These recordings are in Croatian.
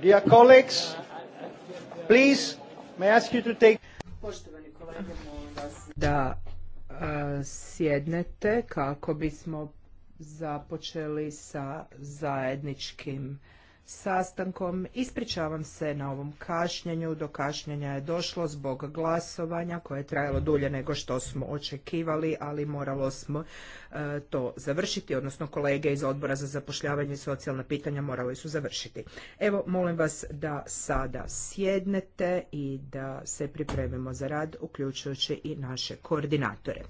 Dear colleagues, please, may I ask you to take... Poštovani kolege, molim vas da uh, sjednete kako bismo započeli sa zajedničkim sastankom. Ispričavam se na ovom kašnjenju. Do kašnjenja je došlo zbog glasovanja koje je trajalo dulje nego što smo očekivali, ali moralo smo e, to završiti, odnosno kolege iz odbora za zapošljavanje i socijalna pitanja morali su završiti. Evo, molim vas da sada sjednete i da se pripremimo za rad, uključujući i naše koordinatore.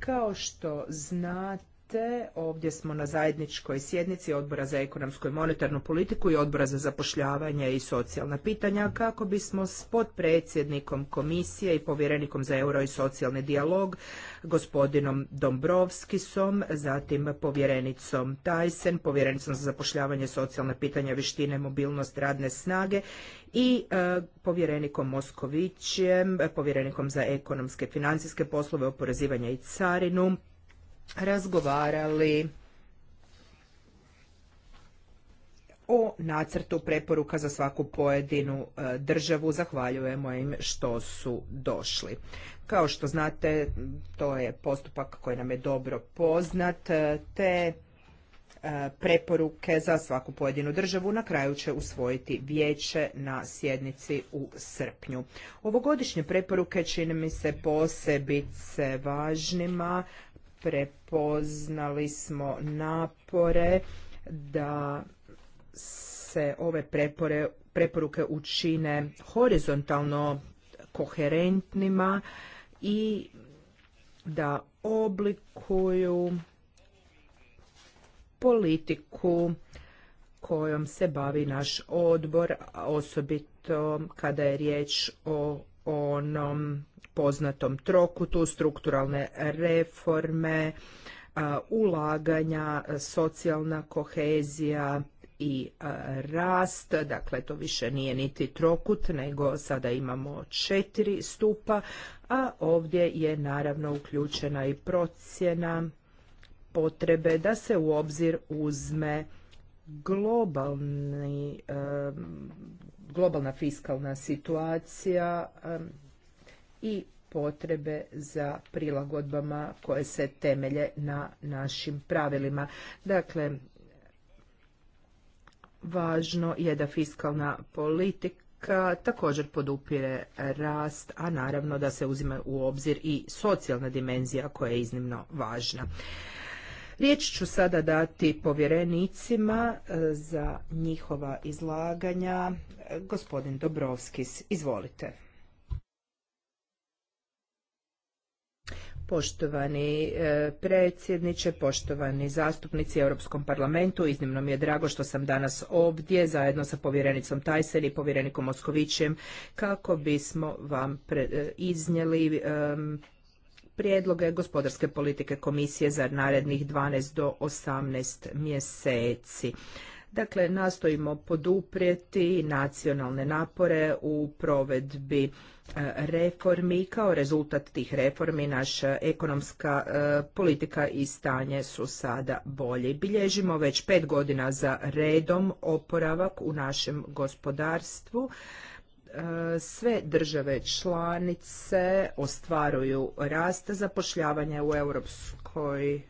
Kao što znate, te ovdje smo na zajedničkoj sjednici Odbora za ekonomsku i monetarnu politiku i Odbora za zapošljavanje i socijalna pitanja kako bismo s podpredsjednikom komisije i povjerenikom za euro i socijalni dijalog gospodinom Dombrovskisom, zatim povjerenicom Tajsen, povjerenicom za zapošljavanje socijalna pitanja, vištine, mobilnost, radne snage i e, povjerenikom Moskovićem, povjerenikom za ekonomske financijske poslove, oporezivanje i carinu, razgovarali o nacrtu preporuka za svaku pojedinu e, državu. Zahvaljujemo im što su došli. Kao što znate, to je postupak koji nam je dobro poznat, e, te e, preporuke za svaku pojedinu državu na kraju će usvojiti vijeće na sjednici u srpnju. Ovogodišnje preporuke čini mi se posebice važnima prepoznali smo napore da se ove preporuke učine horizontalno koherentnima i da oblikuju politiku kojom se bavi naš odbor, osobito kada je riječ o onom poznatom trokutu, strukturalne reforme, ulaganja, socijalna kohezija i rast, dakle to više nije niti trokut, nego sada imamo četiri stupa, a ovdje je naravno uključena i procjena potrebe da se u obzir uzme globalni, globalna fiskalna situacija, i potrebe za prilagodbama koje se temelje na našim pravilima. Dakle, važno je da fiskalna politika također podupire rast, a naravno da se uzima u obzir i socijalna dimenzija koja je iznimno važna. Riječ ću sada dati povjerenicima e, za njihova izlaganja. Gospodin Dobrovskis, izvolite. Poštovani e, predsjedniče, poštovani zastupnici Europskom parlamentu, iznimno mi je drago što sam danas ovdje zajedno sa povjerenicom Tajser i povjerenikom Moskovićem kako bismo vam e, iznijeli prijedloge gospodarske politike komisije za narednih 12 do 18 mjeseci. Dakle, nastojimo poduprijeti nacionalne napore u provedbi reformi. Kao rezultat tih reformi naša e, ekonomska e, politika i stanje su sada bolje. Bilježimo već pet godina za redom oporavak u našem gospodarstvu e, sve države članice ostvaruju rast zapošljavanja u Europskoj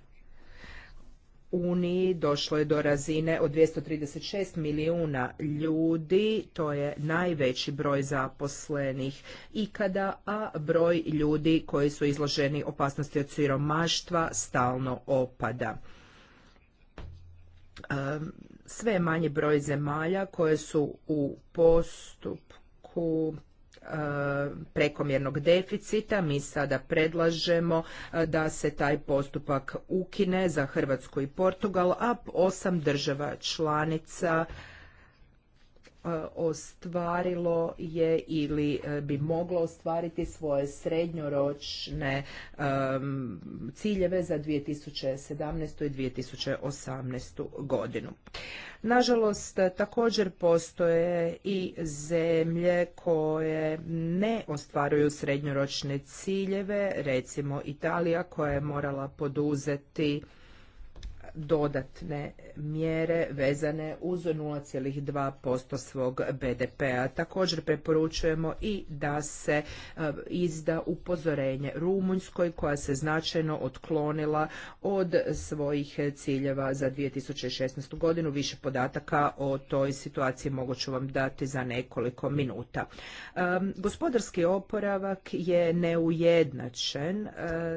uniji došlo je do razine od 236 milijuna ljudi, to je najveći broj zaposlenih ikada, a broj ljudi koji su izloženi opasnosti od siromaštva stalno opada. Sve manje manji broj zemalja koje su u postupku prekomjernog deficita. Mi sada predlažemo e, da se taj postupak ukine za Hrvatsku i Portugal, a osam država članica E, ostvarilo je ili e, bi moglo ostvariti svoje srednjoročne e, ciljeve za 2017. i 2018. godinu. Nažalost, također postoje i zemlje koje ne ostvaruju srednjoročne ciljeve, recimo Italija koja je morala poduzeti dodatne mjere vezane uz 0,2% svog BDP-a. Također preporučujemo i da se e, izda upozorenje Rumunjskoj koja se značajno otklonila od svojih ciljeva za 2016. godinu. Više podataka o toj situaciji moguću vam dati za nekoliko minuta. E, gospodarski oporavak je neujednačen, e,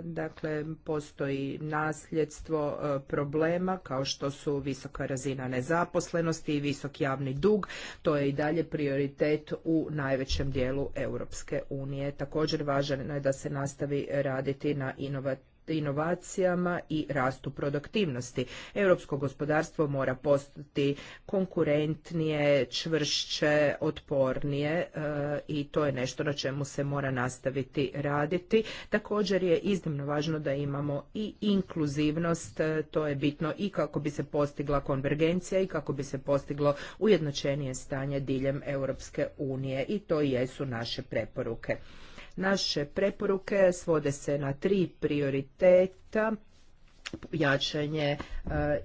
dakle postoji nasljedstvo problema problema kao što su visoka razina nezaposlenosti i visok javni dug. To je i dalje prioritet u najvećem dijelu Europske unije. Također važno je da se nastavi raditi na inovativnosti inovacijama i rastu produktivnosti. Europsko gospodarstvo mora postati konkurentnije, čvršće, otpornije e, i to je nešto na čemu se mora nastaviti raditi. Također je iznimno važno da imamo i inkluzivnost, e, to je bitno i kako bi se postigla konvergencija i kako bi se postiglo ujednačenije stanje diljem Europske unije i to jesu naše preporuke. Naše preporuke svode se na tri prioriteta jačanje e,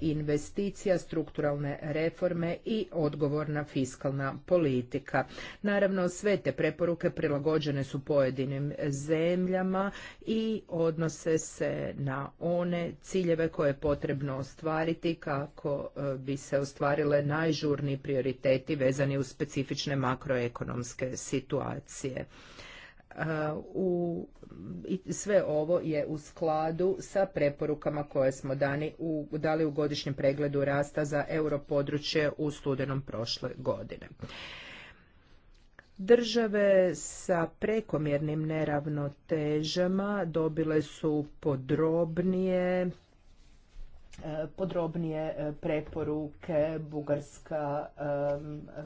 investicija, strukturalne reforme i odgovorna fiskalna politika. Naravno, sve te preporuke prilagođene su pojedinim zemljama i odnose se na one ciljeve koje je potrebno ostvariti kako e, bi se ostvarile najžurniji prioriteti vezani uz specifične makroekonomske situacije u, sve ovo je u skladu sa preporukama koje smo dani u, dali u godišnjem pregledu rasta za europodručje u studenom prošle godine. Države sa prekomjernim neravnotežama dobile su podrobnije E, podrobnije e, preporuke Bugarska, e,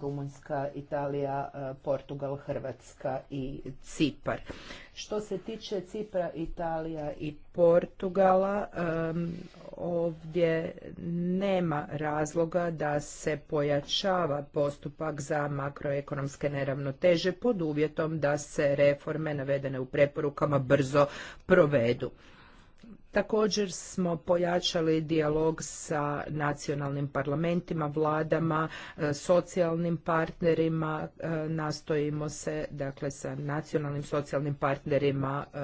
Rumunjska, Italija, Portugal, Hrvatska i Cipar. Što se tiče Cipra, Italija i Portugala, ovdje nema razloga da se pojačava postupak za makroekonomske neravnoteže pod uvjetom da se reforme navedene u preporukama brzo provedu. Također smo pojačali dijalog sa nacionalnim parlamentima, vladama, e, socijalnim partnerima, e, nastojimo se dakle sa nacionalnim socijalnim partnerima e,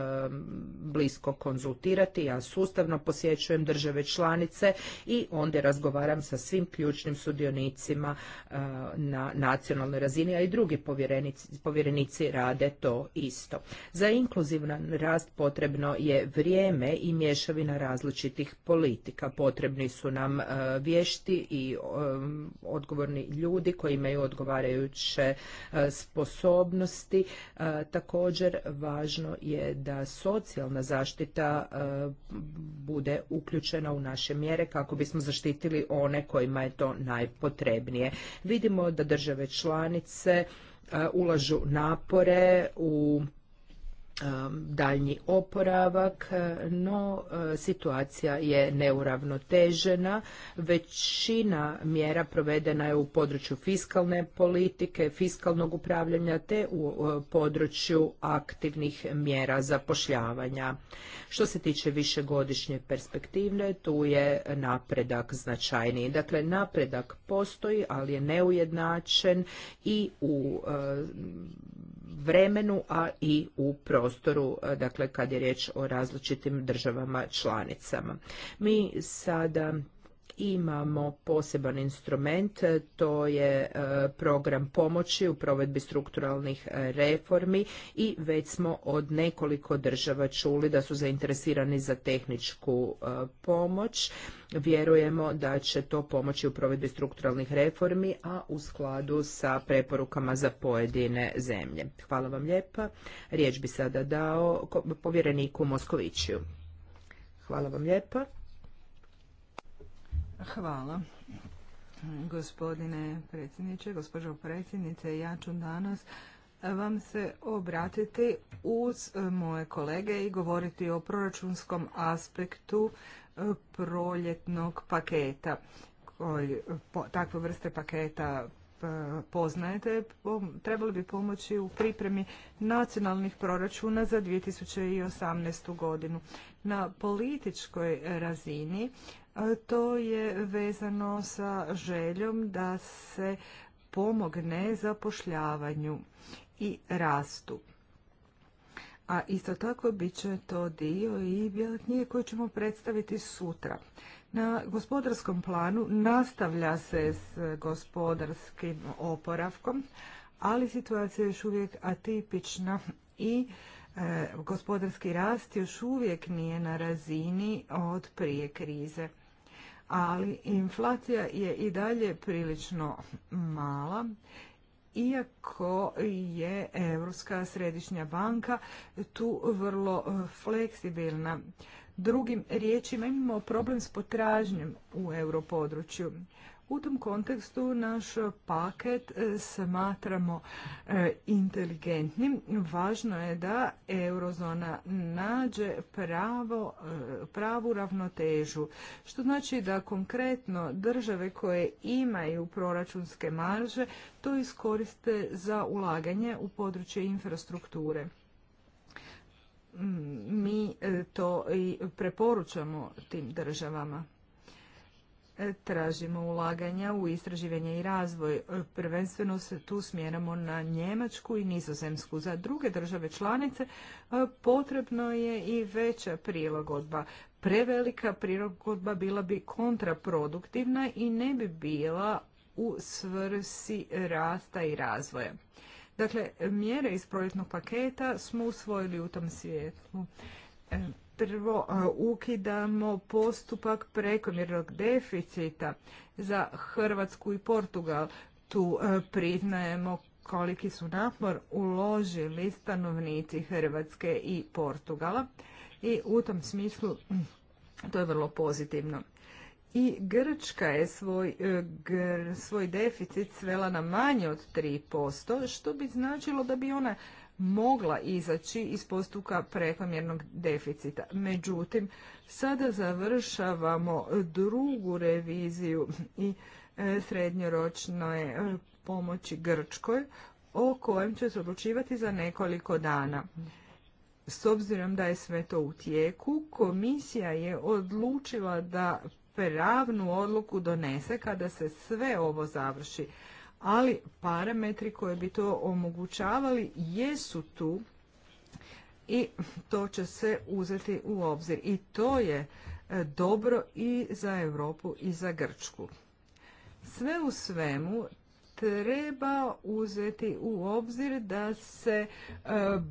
blisko konzultirati. Ja sustavno posjećujem države članice i onda razgovaram sa svim ključnim sudionicima na nacionalnoj razini, a i drugi povjerenici, povjerenici rade to isto. Za inkluzivan rast potrebno je vrijeme i mješanje mješavina različitih politika. Potrebni su nam e, vješti i e, odgovorni ljudi koji imaju odgovarajuće e, sposobnosti. Također važno je da socijalna zaštita bude uključena u naše mjere kako bismo zaštitili one kojima je to najpotrebnije. Vidimo da države članice ulažu napore u Um, daljnji oporavak, uh, no uh, situacija je neuravnotežena. Većina mjera provedena je u području fiskalne politike, fiskalnog upravljanja te u uh, području aktivnih mjera zapošljavanja. Što se tiče višegodišnje perspektive, tu je napredak značajniji. Dakle, napredak postoji, ali je neujednačen i u vremenu, a i u prostoru, e, dakle kad je riječ o različitim državama članicama. Mi sada imamo poseban instrument, to je e, program pomoći u provedbi strukturalnih e, reformi i već smo od nekoliko država čuli da su zainteresirani za tehničku e, pomoć. Vjerujemo da će to pomoći u provedbi strukturalnih reformi, a u skladu sa preporukama za pojedine zemlje. Hvala vam lijepa. Riječ bi sada dao povjereniku Moskoviću. Hvala vam lijepa. Hvala. Gospodine predsjedniče, gospođo predsjednice, ja ću danas vam se obratiti uz moje kolege i govoriti o proračunskom aspektu e, proljetnog paketa. Koji, takve vrste paketa e, poznajete, trebali bi pomoći u pripremi nacionalnih proračuna za 2018. godinu. Na političkoj razini to je vezano sa željom da se pomogne zapošljavanju i rastu. A isto tako bit će to dio i bjelatnije koje ćemo predstaviti sutra. Na gospodarskom planu nastavlja se s gospodarskim oporavkom, ali situacija je još uvijek atipična i e, gospodarski rast još uvijek nije na razini od prije krize ali inflacija je i dalje prilično mala iako je Europska središnja banka tu vrlo e, fleksibilna. Drugim riječima imamo problem s potražnjom u europodručju. U tom kontekstu naš paket e, smatramo e, inteligentnim. Važno je da eurozona nađe pravo, e, pravu ravnotežu, što znači da konkretno države koje imaju proračunske marže to iskoriste za ulaganje u područje infrastrukture mm, mi to i preporučamo tim državama tražimo ulaganja u istraživanje i razvoj. Prvenstveno se tu smjeramo na Njemačku i Nizozemsku. Za druge države članice e, potrebno je i veća prilagodba. Prevelika prilagodba bila bi kontraproduktivna i ne bi bila u svrsi rasta i razvoja. Dakle, mjere iz projektnog paketa smo usvojili u tom svijetu. E, prvo ukidamo postupak prekomjernog deficita za Hrvatsku i Portugal. Tu priznajemo koliki su napor uložili stanovnici Hrvatske i Portugala i u tom smislu to je vrlo pozitivno i Grčka je svoj, e, svoj deficit svela na manje od 3%, što bi značilo da bi ona mogla izaći iz postupka prekomjernog deficita. Međutim, sada završavamo drugu reviziju i e, srednjoročnoj e, pomoći Grčkoj, o kojem će se odlučivati za nekoliko dana. S obzirom da je sve to u tijeku, komisija je odlučila da pravnu odluku donese kada se sve ovo završi. Ali parametri koje bi to omogućavali jesu tu i to će se uzeti u obzir. I to je e, dobro i za Europu i za Grčku. Sve u svemu treba uzeti u obzir da se e,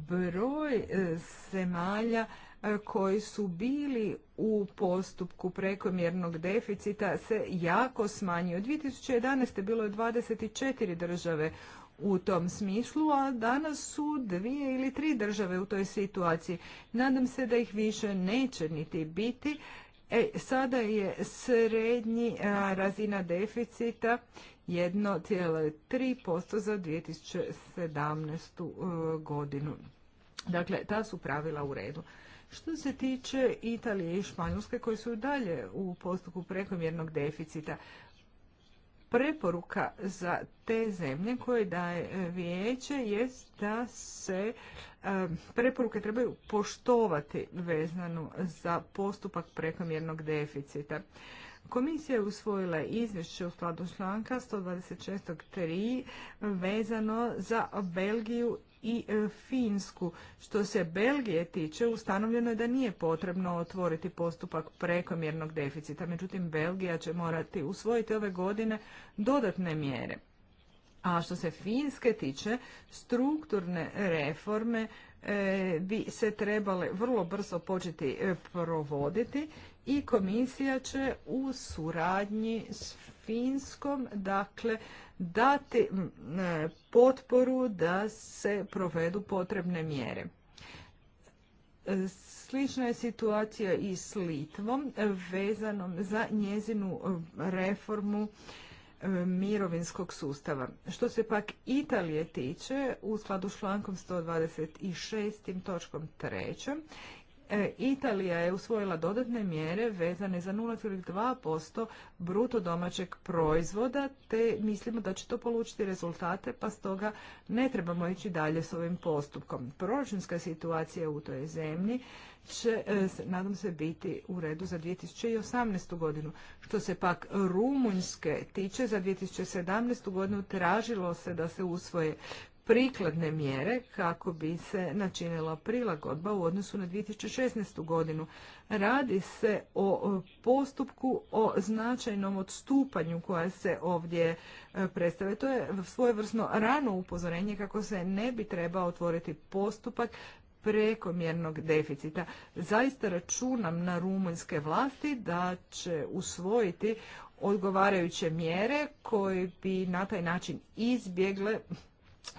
broj e, zemalja E, koji su bili u postupku prekomjernog deficita se jako smanjio. 2011. bilo je 24 države u tom smislu, a danas su dvije ili tri države u toj situaciji. Nadam se da ih više neće niti biti. E, sada je srednji e, razina deficita 1,3% za 2017. E, godinu. Dakle, ta su pravila u redu. Što se tiče Italije i Španjolske koje su dalje u postupku prekomjernog deficita, preporuka za te zemlje koje daje e, vijeće jest da se e, preporuke trebaju poštovati vezano za postupak prekomjernog deficita. Komisija je usvojila izvješće u skladu članka 126.3 vezano za Belgiju i e, Finsku. Što se Belgije tiče, ustanovljeno je da nije potrebno otvoriti postupak prekomjernog deficita. Međutim, Belgija će morati usvojiti ove godine dodatne mjere. A što se Finske tiče, strukturne reforme e, bi se trebale vrlo brzo početi e, provoditi i komisija će u suradnji s Finskom dakle dati e, potporu da se provedu potrebne mjere. Slična je situacija i s Litvom vezanom za njezinu reformu e, mirovinskog sustava. Što se pak Italije tiče, u skladu s člankom 126. točkom 3. E, Italija je usvojila dodatne mjere vezane za 0,2% bruto domaćeg proizvoda, te mislimo da će to polučiti rezultate, pa stoga ne trebamo ići dalje s ovim postupkom. Proračunska situacija u toj zemlji će, e, nadam se, biti u redu za 2018. godinu. Što se pak Rumunjske tiče, za 2017. godinu tražilo se da se usvoje prikladne mjere kako bi se načinila prilagodba u odnosu na 2016. godinu. Radi se o postupku o značajnom odstupanju koja se ovdje e, predstave. To je svojevrsno rano upozorenje kako se ne bi trebao otvoriti postupak prekomjernog deficita. Zaista računam na rumunjske vlasti da će usvojiti odgovarajuće mjere koje bi na taj način izbjegle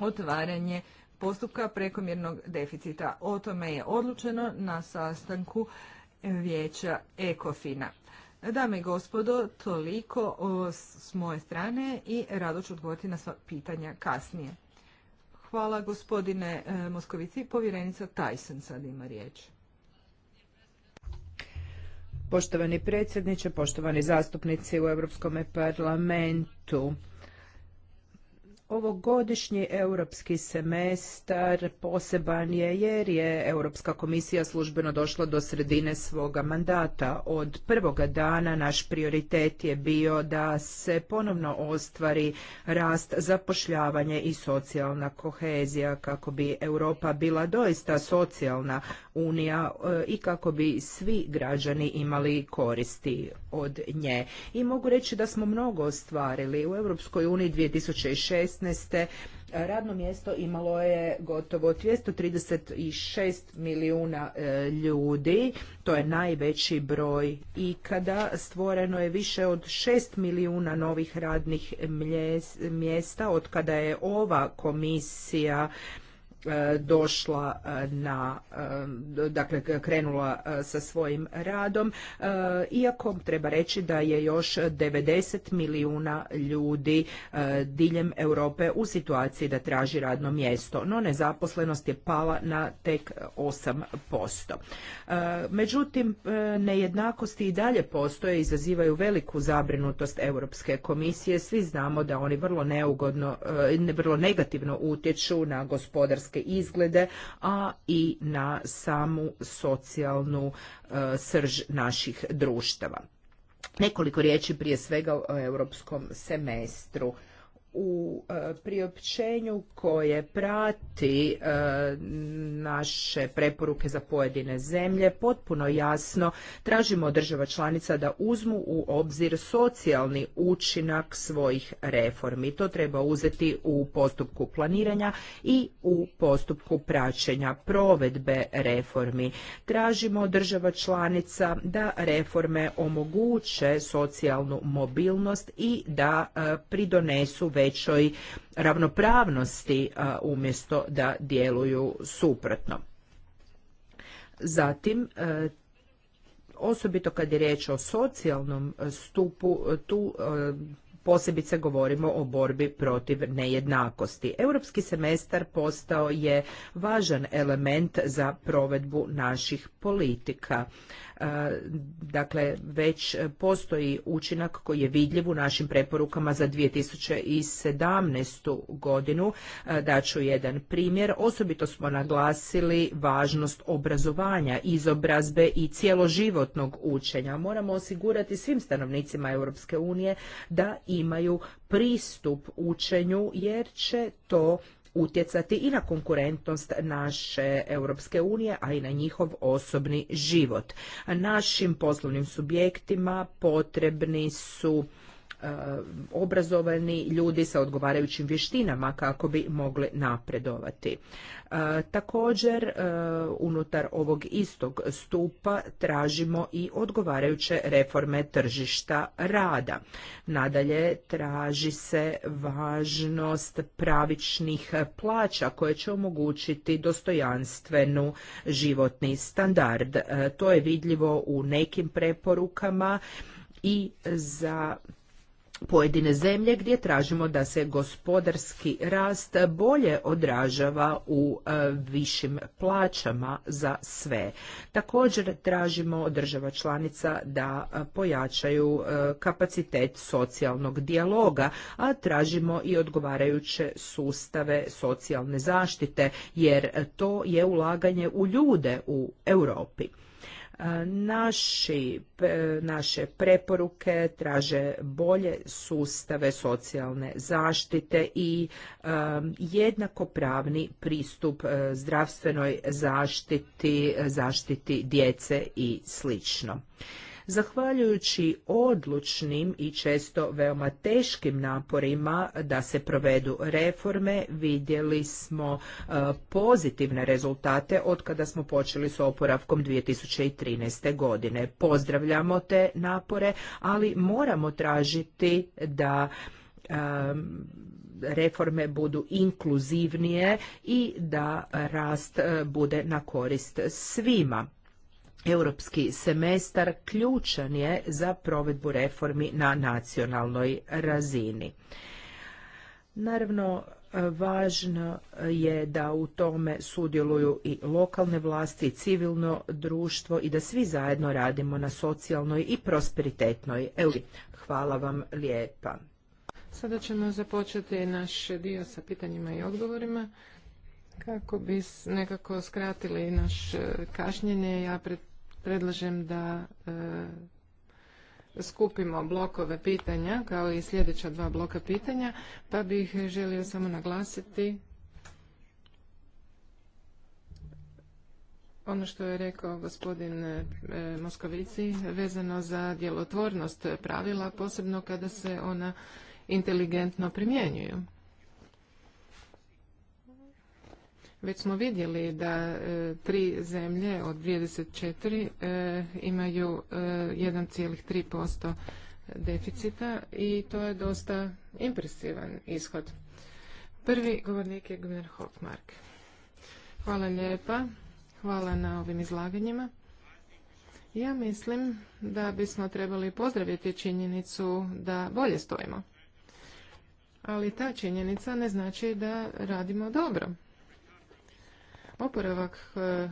otvaranje postupka prekomjernog deficita. O tome je odlučeno na sastanku vijeća Ekofina. Dame i gospodo, toliko s moje strane i rado ću odgovoriti na sva pitanja kasnije. Hvala gospodine e, Moskovici. Povjerenica Tyson sad ima riječ. Poštovani predsjedniče, poštovani zastupnici u Europskom parlamentu. Ovogodišnji europski semestar poseban je jer je Europska komisija službeno došla do sredine svoga mandata. Od prvoga dana naš prioritet je bio da se ponovno ostvari rast zapošljavanje i socijalna kohezija kako bi Europa bila doista socijalna unija eh, i kako bi svi građani imali koristi od nje. I mogu reći da smo mnogo ostvarili. U Europskoj uniji 2006 2016. Radno mjesto imalo je gotovo 236 milijuna e, ljudi, to je najveći broj ikada. Stvoreno je više od 6 milijuna novih radnih mjesta od kada je ova komisija E, došla e, na, e, dakle krenula sa svojim radom, iako treba reći da je još 90 milijuna ljudi diljem Europe u situaciji da traži radno mjesto, no nezaposlenost je pala na tek 8%. Međutim, nejednakosti i dalje postoje, izazivaju veliku zabrinutost Europske komisije, svi znamo da oni vrlo neugodno, vrlo negativno utječu na gospodarske izglede, a i na samu socijalnu e, srž naših društava. Nekoliko riječi prije svega o europskom semestru u e, priopćenju koje prati e, naše preporuke za pojedine zemlje potpuno jasno tražimo od država članica da uzmu u obzir socijalni učinak svojih reformi. To treba uzeti u postupku planiranja i u postupku praćenja provedbe reformi. Tražimo od država članica da reforme omoguće socijalnu mobilnost i da e, pridonesu većoj ravnopravnosti umjesto da djeluju suprotno. Zatim, e, osobito kad je riječ o socijalnom stupu, tu e, posebice govorimo o borbi protiv nejednakosti. Europski semestar postao je važan element za provedbu naših politika dakle već postoji učinak koji je vidljiv u našim preporukama za 2017. godinu. Daću jedan primjer. Osobito smo naglasili važnost obrazovanja, izobrazbe i cjeloživotnog učenja. Moramo osigurati svim stanovnicima Europske unije da imaju pristup učenju jer će to utjecati i na konkurentnost naše Europske unije, a i na njihov osobni život. Našim poslovnim subjektima potrebni su E, obrazovani ljudi sa odgovarajućim vještinama kako bi mogli napredovati. E, također, e, unutar ovog istog stupa tražimo i odgovarajuće reforme tržišta rada. Nadalje, traži se važnost pravičnih plaća koje će omogućiti dostojanstvenu životni standard. To je vidljivo u nekim preporukama i za pojedine zemlje gdje tražimo da se gospodarski rast bolje odražava u e, višim plaćama za sve. Također tražimo od država članica da e, pojačaju e, kapacitet socijalnog dijaloga, a tražimo i odgovarajuće sustave socijalne zaštite jer to je ulaganje u ljude u Europi. Naši, naše preporuke traže bolje sustave socijalne zaštite i um, jednakopravni pristup uh, zdravstvenoj zaštiti, zaštiti djece i slično. Zahvaljujući odlučnim i često veoma teškim naporima da se provedu reforme, vidjeli smo e, pozitivne rezultate od kada smo počeli s oporavkom 2013. godine. Pozdravljamo te napore, ali moramo tražiti da e, reforme budu inkluzivnije i da rast e, bude na korist svima. Europski semestar ključan je za provedbu reformi na nacionalnoj razini. Naravno, važno je da u tome sudjeluju i lokalne vlasti i civilno društvo i da svi zajedno radimo na socijalnoj i prosperitetnoj Europi. Hvala vam lijepa. Sada ćemo započeti naš dio sa pitanjima i odgovorima. Kako bi nekako skratili naš eh, kašnjenje, ja pred, predlažem da e, skupimo blokove pitanja kao i sljedeća dva bloka pitanja pa bih želio samo naglasiti ono što je rekao gospodin e, Moskovici vezano za djelotvornost pravila posebno kada se ona inteligentno primjenjuju. Već smo vidjeli da e, tri zemlje od 24 e, imaju 1,3% e, deficita i to je dosta impresivan ishod. Prvi govornik je Gunnar Hockmark. Hvala lijepa, hvala na ovim izlaganjima. Ja mislim da bismo trebali pozdraviti činjenicu da bolje stojimo. Ali ta činjenica ne znači da radimo dobro. Oporavak e,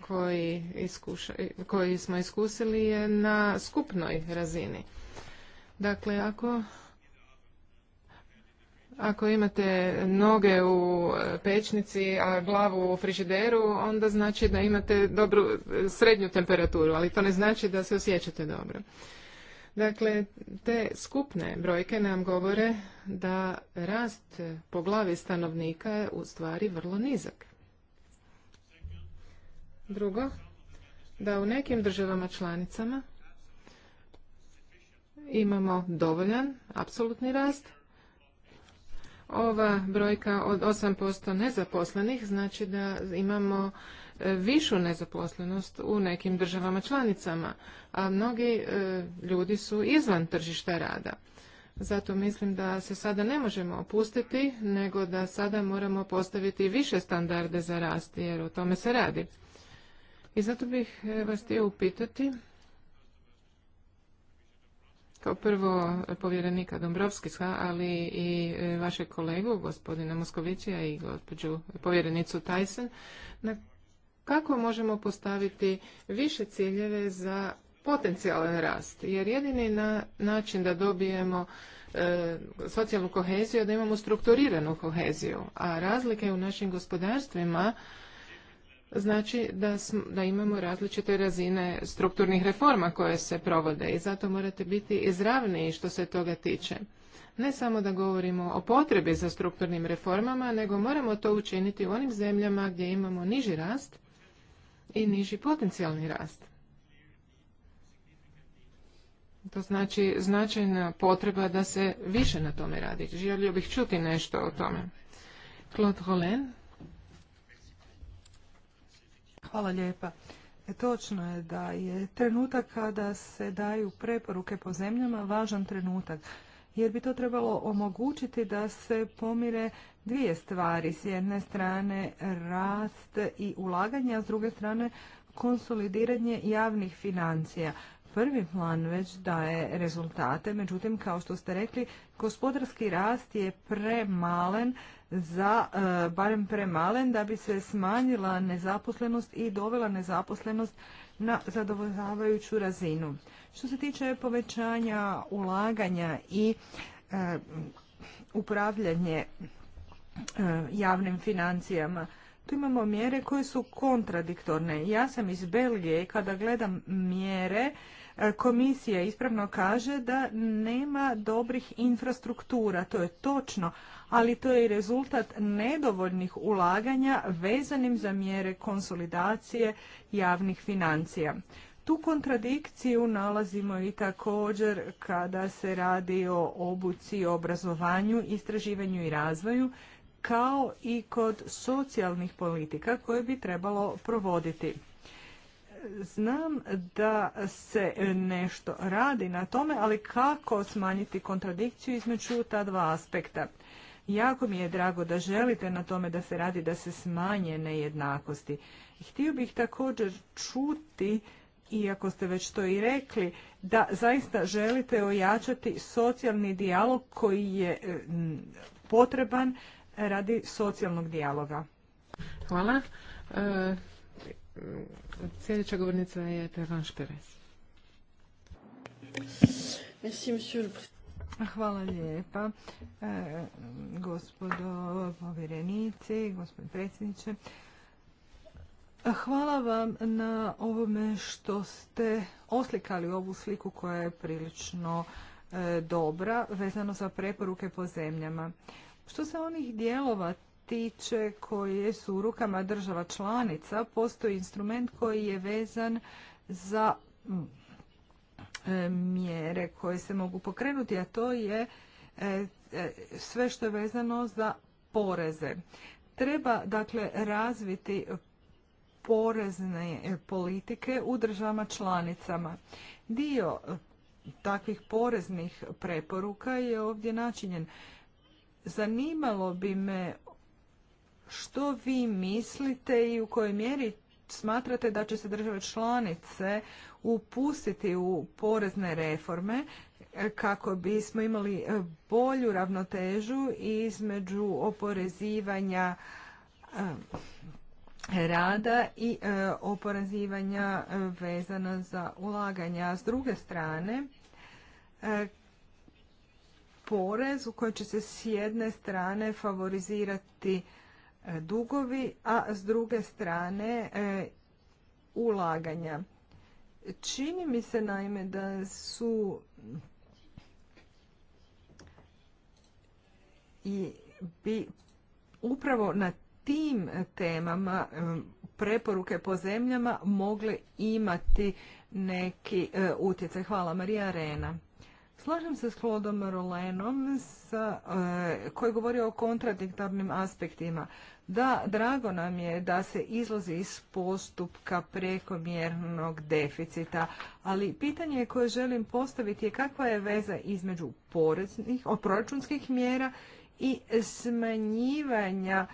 koji, koji smo iskusili je na skupnoj razini. Dakle, ako ako imate noge u pečnici, a glavu u frižideru, onda znači da imate dobru srednju temperaturu, ali to ne znači da se osjećate dobro. Dakle, te skupne brojke nam govore da rast po glavi stanovnika je u stvari vrlo nizak. Drugo, da u nekim državama članicama imamo dovoljan, apsolutni rast. Ova brojka od 8% nezaposlenih znači da imamo e, višu nezaposlenost u nekim državama članicama, a mnogi e, ljudi su izvan tržišta rada. Zato mislim da se sada ne možemo opustiti, nego da sada moramo postaviti više standarde za rast, jer o tome se radi. I zato bih e, vas htio upitati, kao prvo povjerenika Dombrovskisa, ali i e, vašeg kolegu, gospodina Moskovića i gospođu povjerenicu Tyson, na kako možemo postaviti više ciljeve za potencijalan rast. Jer jedini na način da dobijemo e, socijalnu koheziju je da imamo strukturiranu koheziju, a razlike u našim gospodarstvima znači da, da imamo različite razine strukturnih reforma koje se provode i zato morate biti izravniji što se toga tiče ne samo da govorimo o potrebi za strukturnim reformama nego moramo to učiniti u onim zemljama gdje imamo niži rast i niži potencijalni rast to znači značajna potreba da se više na tome radi želio bih čuti nešto o tome Claude Rollin Hvala lijepa. E, točno je da je trenutak kada se daju preporuke po zemljama važan trenutak, jer bi to trebalo omogućiti da se pomire dvije stvari. S jedne strane rast i ulaganje, a s druge strane konsolidiranje javnih financija prvi plan već daje rezultate, međutim kao što ste rekli gospodarski rast je premalen za e, barem premalen da bi se smanjila nezaposlenost i dovela nezaposlenost na zadovoljavajuću razinu. Što se tiče povećanja ulaganja i e, upravljanje e, javnim financijama, tu imamo mjere koje su kontradiktorne. Ja sam iz Belgije i kada gledam mjere Komisija ispravno kaže da nema dobrih infrastruktura, to je točno, ali to je i rezultat nedovoljnih ulaganja vezanim za mjere konsolidacije javnih financija. Tu kontradikciju nalazimo i također kada se radi o obuci, obrazovanju, istraživanju i razvoju, kao i kod socijalnih politika koje bi trebalo provoditi. Znam da se nešto radi na tome, ali kako smanjiti kontradikciju između ta dva aspekta? Jako mi je drago da želite na tome da se radi da se smanje nejednakosti. Htio bih također čuti, iako ste već to i rekli, da zaista želite ojačati socijalni dijalog koji je e, potreban radi socijalnog dijaloga. Hvala. E, Sljedeća govornica je Tevan Šperes. Hvala lijepa, e, gospodo povjerenici, gospodin predsjedniče. Hvala vam na ovome što ste oslikali ovu sliku koja je prilično e, dobra vezano za preporuke po zemljama. Što se onih dijelova tiče koje su u rukama država članica, postoji instrument koji je vezan za mm, e, mjere koje se mogu pokrenuti, a to je e, e, sve što je vezano za poreze. Treba dakle razviti porezne politike u državama članicama. Dio takvih poreznih preporuka je ovdje načinjen. Zanimalo bi me što vi mislite i u kojoj mjeri smatrate da će se države članice upustiti u porezne reforme kako bismo imali bolju ravnotežu između oporezivanja eh, rada i eh, oporezivanja eh, vezana za ulaganja. S druge strane, porez u kojoj će se s jedne strane favorizirati E, dugovi, a s druge strane e, ulaganja. Čini mi se naime da su i bi upravo na tim temama e, preporuke po zemljama mogle imati neki utjecaj. Hvala Marija Arena. Slažem se s Klodom Rolenom sa, e, koji govori o kontradiktornim aspektima. Da, drago nam je da se izlazi iz postupka prekomjernog deficita, ali pitanje koje želim postaviti je kakva je veza između poreznih, proračunskih mjera i smanjivanja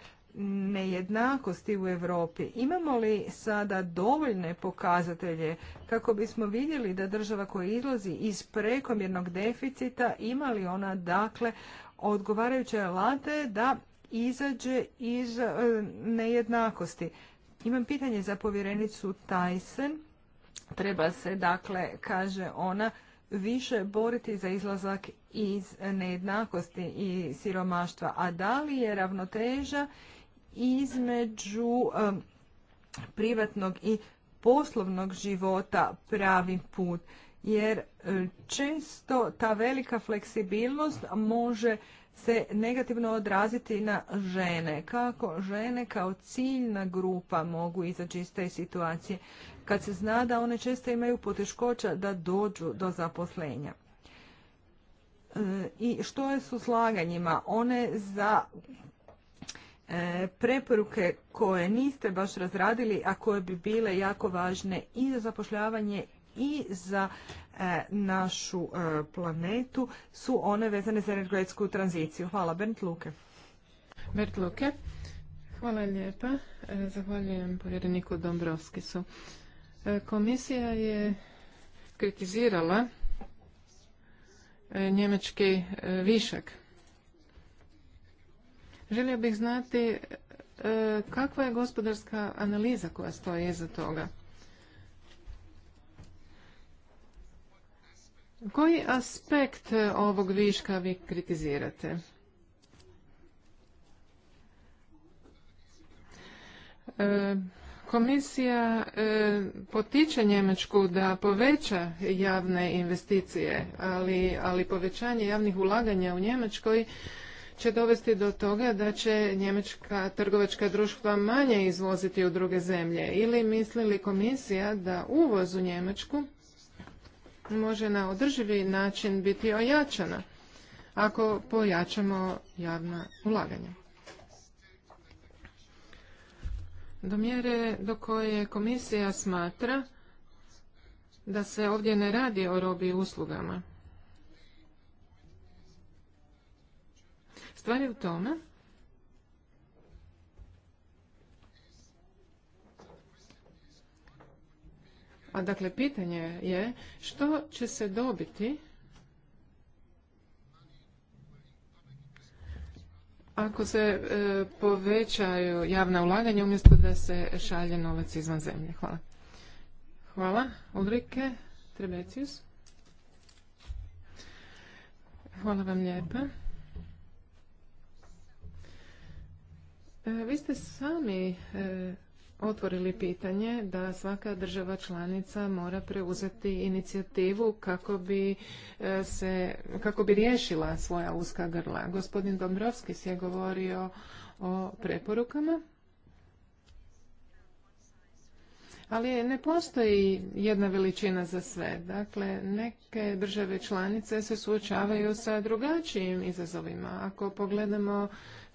nejednakosti u Europi. Imamo li sada dovoljne pokazatelje kako bismo vidjeli da država koja izlazi iz prekomjernog deficita ima li ona dakle odgovarajuće alate da izađe iz e, nejednakosti? Imam pitanje za povjerenicu Tyson. Treba se dakle, kaže ona, više boriti za izlazak iz nejednakosti i siromaštva. A da li je ravnoteža između privatnog i poslovnog života pravi put jer e, često ta velika fleksibilnost može se negativno odraziti na žene. Kako žene kao ciljna grupa mogu izaći iz te situacije kad se zna da one često imaju poteškoća da dođu do zaposlenja. E, I što je s slaganjima? One za E, preporuke koje niste baš razradili, a koje bi bile jako važne i za zapošljavanje i za e, našu e, planetu su one vezane za energetsku tranziciju. Hvala, Bernd Luke. Bernd Luke, hvala lijepa. zahvaljujem povjereniku Dombrovskisu. Komisija je kritizirala njemački višak Želio bih znati e, kakva je gospodarska analiza koja stoji iza toga. Koji aspekt ovog viška vi kritizirate? E, komisija e, potiče Njemačku da poveća javne investicije, ali, ali povećanje javnih ulaganja u Njemačkoj će dovesti do toga da će njemačka trgovačka društva manje izvoziti u druge zemlje ili misli li komisija da uvoz u Njemačku može na održivi način biti ojačana ako pojačamo javna ulaganja. Do mjere do koje komisija smatra da se ovdje ne radi o robi i uslugama. Stvar u tome A dakle, pitanje je što će se dobiti ako se e, povećaju javna ulaganja umjesto da se šalje novac izvan zemlje. Hvala. Hvala. Ulrike Trebecius. Hvala vam lijepa. E, vi ste sami e, otvorili pitanje da svaka država članica mora preuzeti inicijativu kako bi e, se, kako bi riješila svoja uska grla. Gospodin Dombrovski je govorio o preporukama. Ali ne postoji jedna veličina za sve. Dakle, neke države članice se suočavaju sa drugačijim izazovima. Ako pogledamo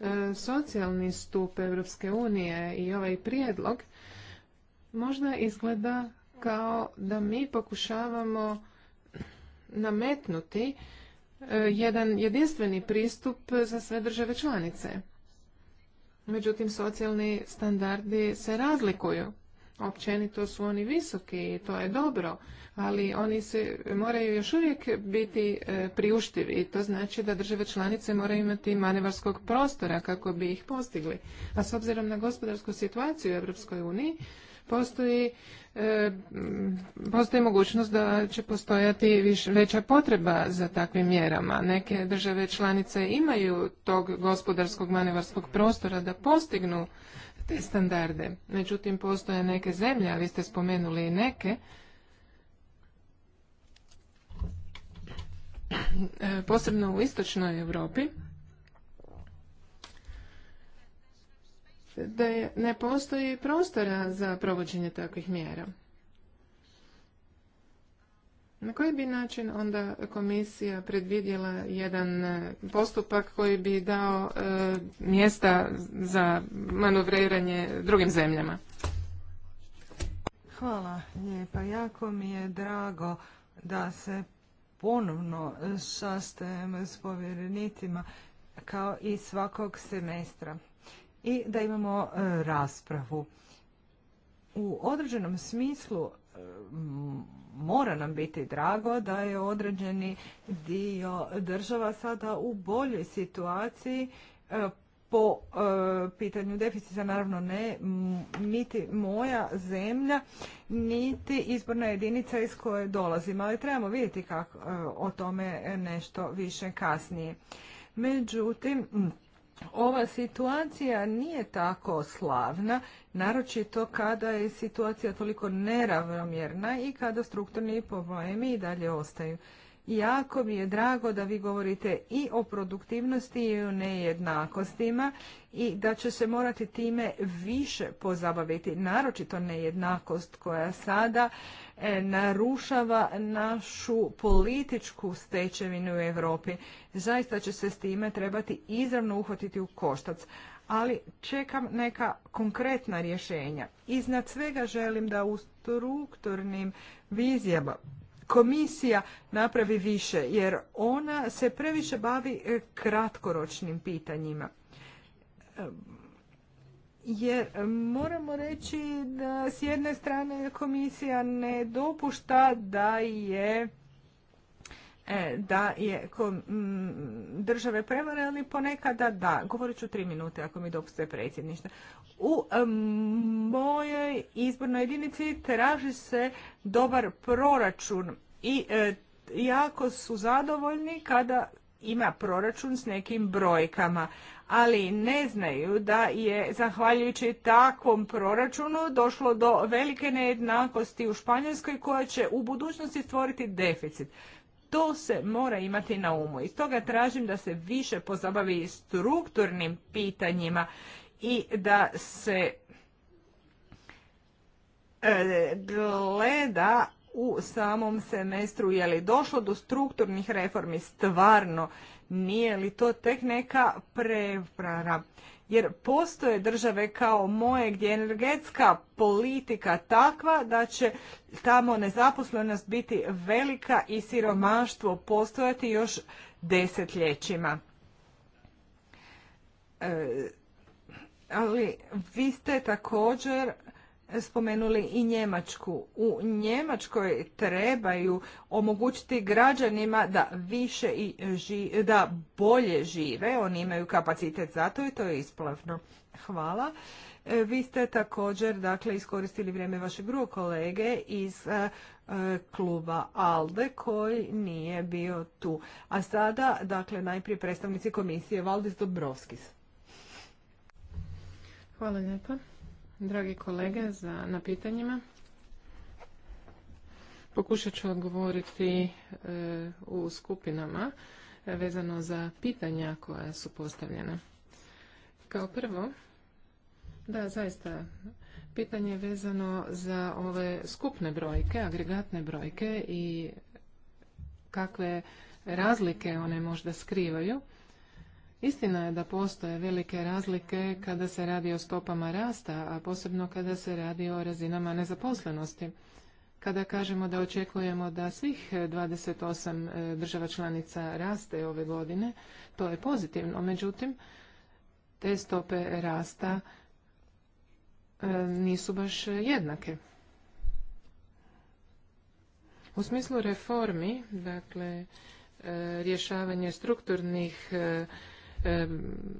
E, socijalni stup Europske unije i ovaj prijedlog možda izgleda kao da mi pokušavamo nametnuti e, jedan jedinstveni pristup za sve države članice. Međutim, socijalni standardi se razlikuju općenito su oni visoki i to je dobro, ali oni se moraju još uvijek biti e, priuštivi i to znači da države članice moraju imati manevarskog prostora kako bi ih postigli. A s obzirom na gospodarsku situaciju u Europskoj uniji, postoji e, postoji mogućnost da će postojati viš, veća potreba za takvim mjerama. Neke države članice imaju tog gospodarskog manevarskog prostora da postignu te standarde. Međutim, postoje neke zemlje, ali ste spomenuli i neke, e, posebno u istočnoj Europi, da ne postoji prostora za provođenje takvih mjera. Na koji bi način onda komisija predvidjela jedan e, postupak koji bi dao e, mjesta za manovriranje drugim zemljama? Hvala lijepa. Jako mi je drago da se ponovno sastajemo s povjerenicima kao i svakog semestra i da imamo e, raspravu. U određenom smislu mora nam biti drago da je određeni dio država sada u boljoj situaciji e, po e, pitanju deficita naravno ne niti moja zemlja niti izborna jedinica iz koje dolazim ali trebamo vidjeti kako e, o tome nešto više kasnije međutim ova situacija nije tako slavna, naročito kada je situacija toliko neravnomjerna i kada strukturni problemi i dalje ostaju. Jako mi je drago da vi govorite i o produktivnosti i o nejednakostima i da će se morati time više pozabaviti, naročito nejednakost koja sada E, narušava našu političku stečevinu u Europi. Zaista će se s time trebati izravno uhvatiti u koštac. Ali čekam neka konkretna rješenja. Iznad svega želim da u strukturnim vizijama komisija napravi više, jer ona se previše bavi e, kratkoročnim pitanjima jer e, moramo reći da s jedne strane komisija ne dopušta da je e, da je države prevare, ali ponekada da. Govorit ću tri minute ako mi dopuste predsjedništvo. U e, mojoj izbornoj jedinici traži se dobar proračun i jako su zadovoljni kada ima proračun s nekim brojkama ali ne znaju da je zahvaljujući takvom proračunu došlo do velike nejednakosti u Španjolskoj koja će u budućnosti stvoriti deficit. To se mora imati na umu i stoga tražim da se više pozabavi strukturnim pitanjima i da se e, gleda u samom semestru je li došlo do strukturnih reformi stvarno nije li to tek neka prevara? Jer postoje države kao moje gdje je energetska politika takva da će tamo nezaposlenost biti velika i siromaštvo postojati još desetljećima. E, ali vi ste također spomenuli i Njemačku. U Njemačkoj trebaju omogućiti građanima da više i da bolje žive. Oni imaju kapacitet za to i to je isplavno. Hvala. E, vi ste također dakle, iskoristili vrijeme vašeg drugog kolege iz e, e, kluba ALDE koji nije bio tu. A sada dakle, najprije predstavnici komisije Valdis Dobrovskis. Hvala lijepa dragi kolege, za, na pitanjima. Pokušat ću odgovoriti e, u skupinama e, vezano za pitanja koja su postavljena. Kao prvo, da, zaista, pitanje je vezano za ove skupne brojke, agregatne brojke i kakve razlike one možda skrivaju. Istina je da postoje velike razlike kada se radi o stopama rasta, a posebno kada se radi o razinama nezaposlenosti. Kada kažemo da očekujemo da svih 28 e, država članica raste ove godine, to je pozitivno. Međutim, te stope rasta e, nisu baš jednake. U smislu reformi, dakle, e, rješavanje strukturnih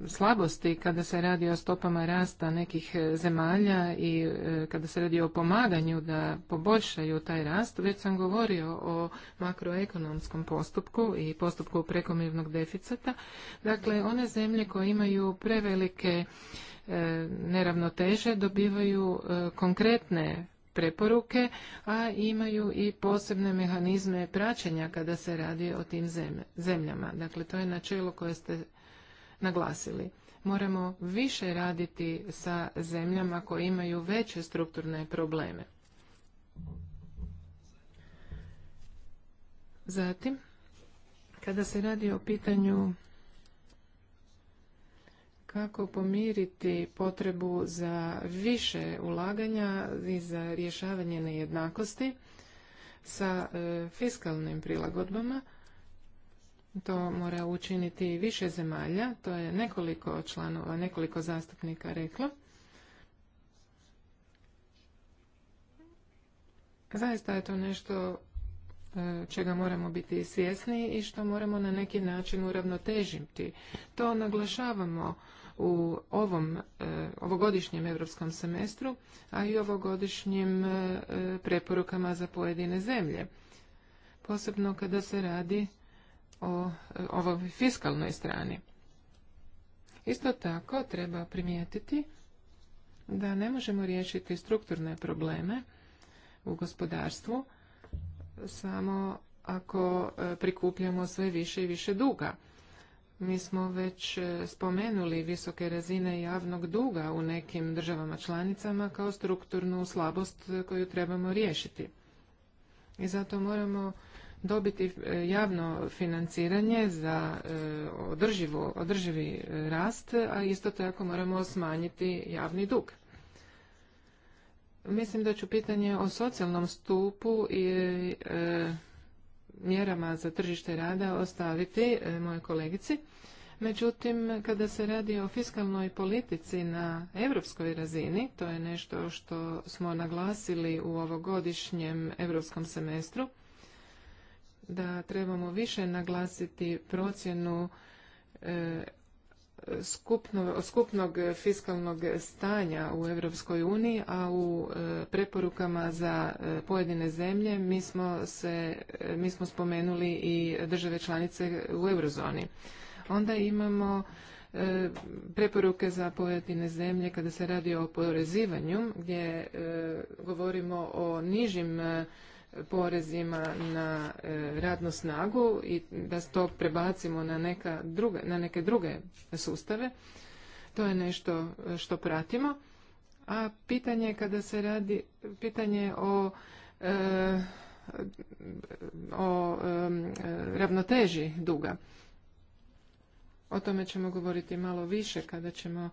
slabosti kada se radi o stopama rasta nekih e, zemalja i e, kada se radi o pomaganju da poboljšaju taj rast, već sam govorio o makroekonomskom postupku i postupku prekomjernog deficita. Dakle, one zemlje koje imaju prevelike e, neravnoteže dobivaju konkretne preporuke, a imaju i posebne mehanizme praćenja kada se radi o tim zemljama. Dakle, to je načelo koje ste naglasili. Moramo više raditi sa zemljama koje imaju veće strukturne probleme. Zatim, kada se radi o pitanju kako pomiriti potrebu za više ulaganja i za rješavanje nejednakosti sa e, fiskalnim prilagodbama, to mora učiniti više zemalja, to je nekoliko članova, nekoliko zastupnika reklo. Zaista je to nešto e, čega moramo biti svjesni i što moramo na neki način uravnotežiti. To naglašavamo u ovom e, ovogodišnjem europskom semestru, a i ovogodišnjim e, preporukama za pojedine zemlje. Posebno kada se radi o ovoj fiskalnoj strani. Isto tako treba primijetiti da ne možemo riješiti strukturne probleme u gospodarstvu samo ako e, prikupljamo sve više i više duga. Mi smo već e, spomenuli visoke razine javnog duga u nekim državama članicama kao strukturnu slabost koju trebamo riješiti. I zato moramo dobiti e, javno financiranje za e, održivo, održivi e, rast, a isto tako moramo smanjiti javni dug. Mislim da ću pitanje o socijalnom stupu i mjerama za tržište rada ostaviti e, moje kolegici. Međutim, kada se radi o fiskalnoj politici na europskoj razini, to je nešto što smo naglasili u ovogodišnjem europskom semestru, da trebamo više naglasiti procjenu e, skupnog fiskalnog stanja u Europskoj uniji, a u e, preporukama za e, pojedine zemlje mi smo, se, mi smo spomenuli i države članice u eurozoni. Onda imamo preporuke za pojedine zemlje kada se radi o porezivanju gdje govorimo o nižim porezima na e, radnu snagu i da to prebacimo na, neka na neke druge sustave. To je nešto e, što pratimo. A pitanje kada se radi, pitanje o e, o ravnoteži duga. O tome ćemo govoriti malo više kada ćemo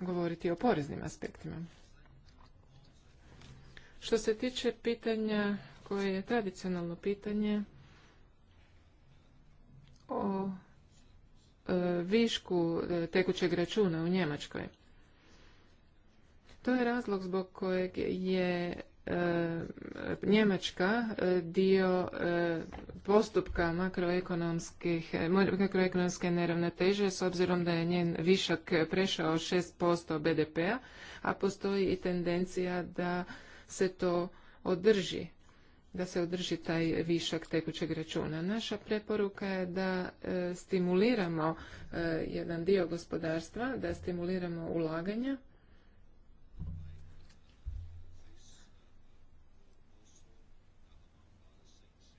govoriti o poreznim aspektima. Što se tiče pitanja koje je tradicionalno pitanje o e, višku e, tekućeg računa u Njemačkoj. To je razlog zbog kojeg je e, Njemačka dio postupka makroekonomske neravnoteže s obzirom da je njen višak prešao 6% BDP-a, a postoji i tendencija da se to održi da se održi taj višak tekućeg računa. Naša preporuka je da e, stimuliramo e, jedan dio gospodarstva, da stimuliramo ulaganja.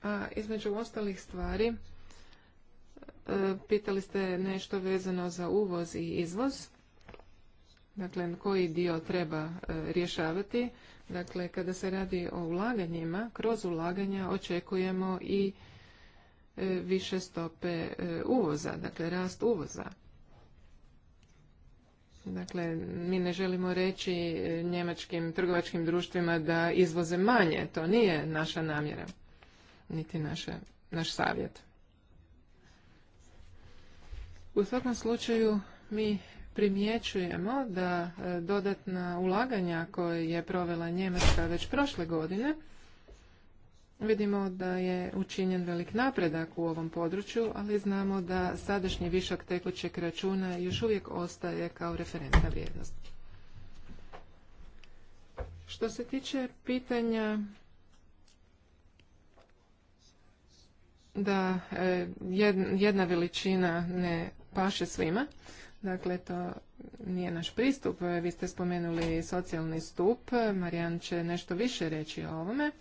A između ostalih stvari, e, pitali ste nešto vezano za uvoz i izvoz. Dakle, koji dio treba rješavati. Dakle, kada se radi o ulaganjima, kroz ulaganja očekujemo i e, više stope e, uvoza, dakle rast uvoza. Dakle, mi ne želimo reći e, njemačkim trgovačkim društvima da izvoze manje, to nije naša namjera, niti naše, naš savjet. U svakom slučaju mi primjećujemo da e, dodatna ulaganja koje je provela Njemačka već prošle godine, vidimo da je učinjen velik napredak u ovom području, ali znamo da sadašnji višak tekućeg računa još uvijek ostaje kao referentna vrijednost. Što se tiče pitanja da e, jedna veličina ne paše svima, Dakle, to nije naš pristup. Vi ste spomenuli socijalni stup. Marijan će nešto više reći o ovome.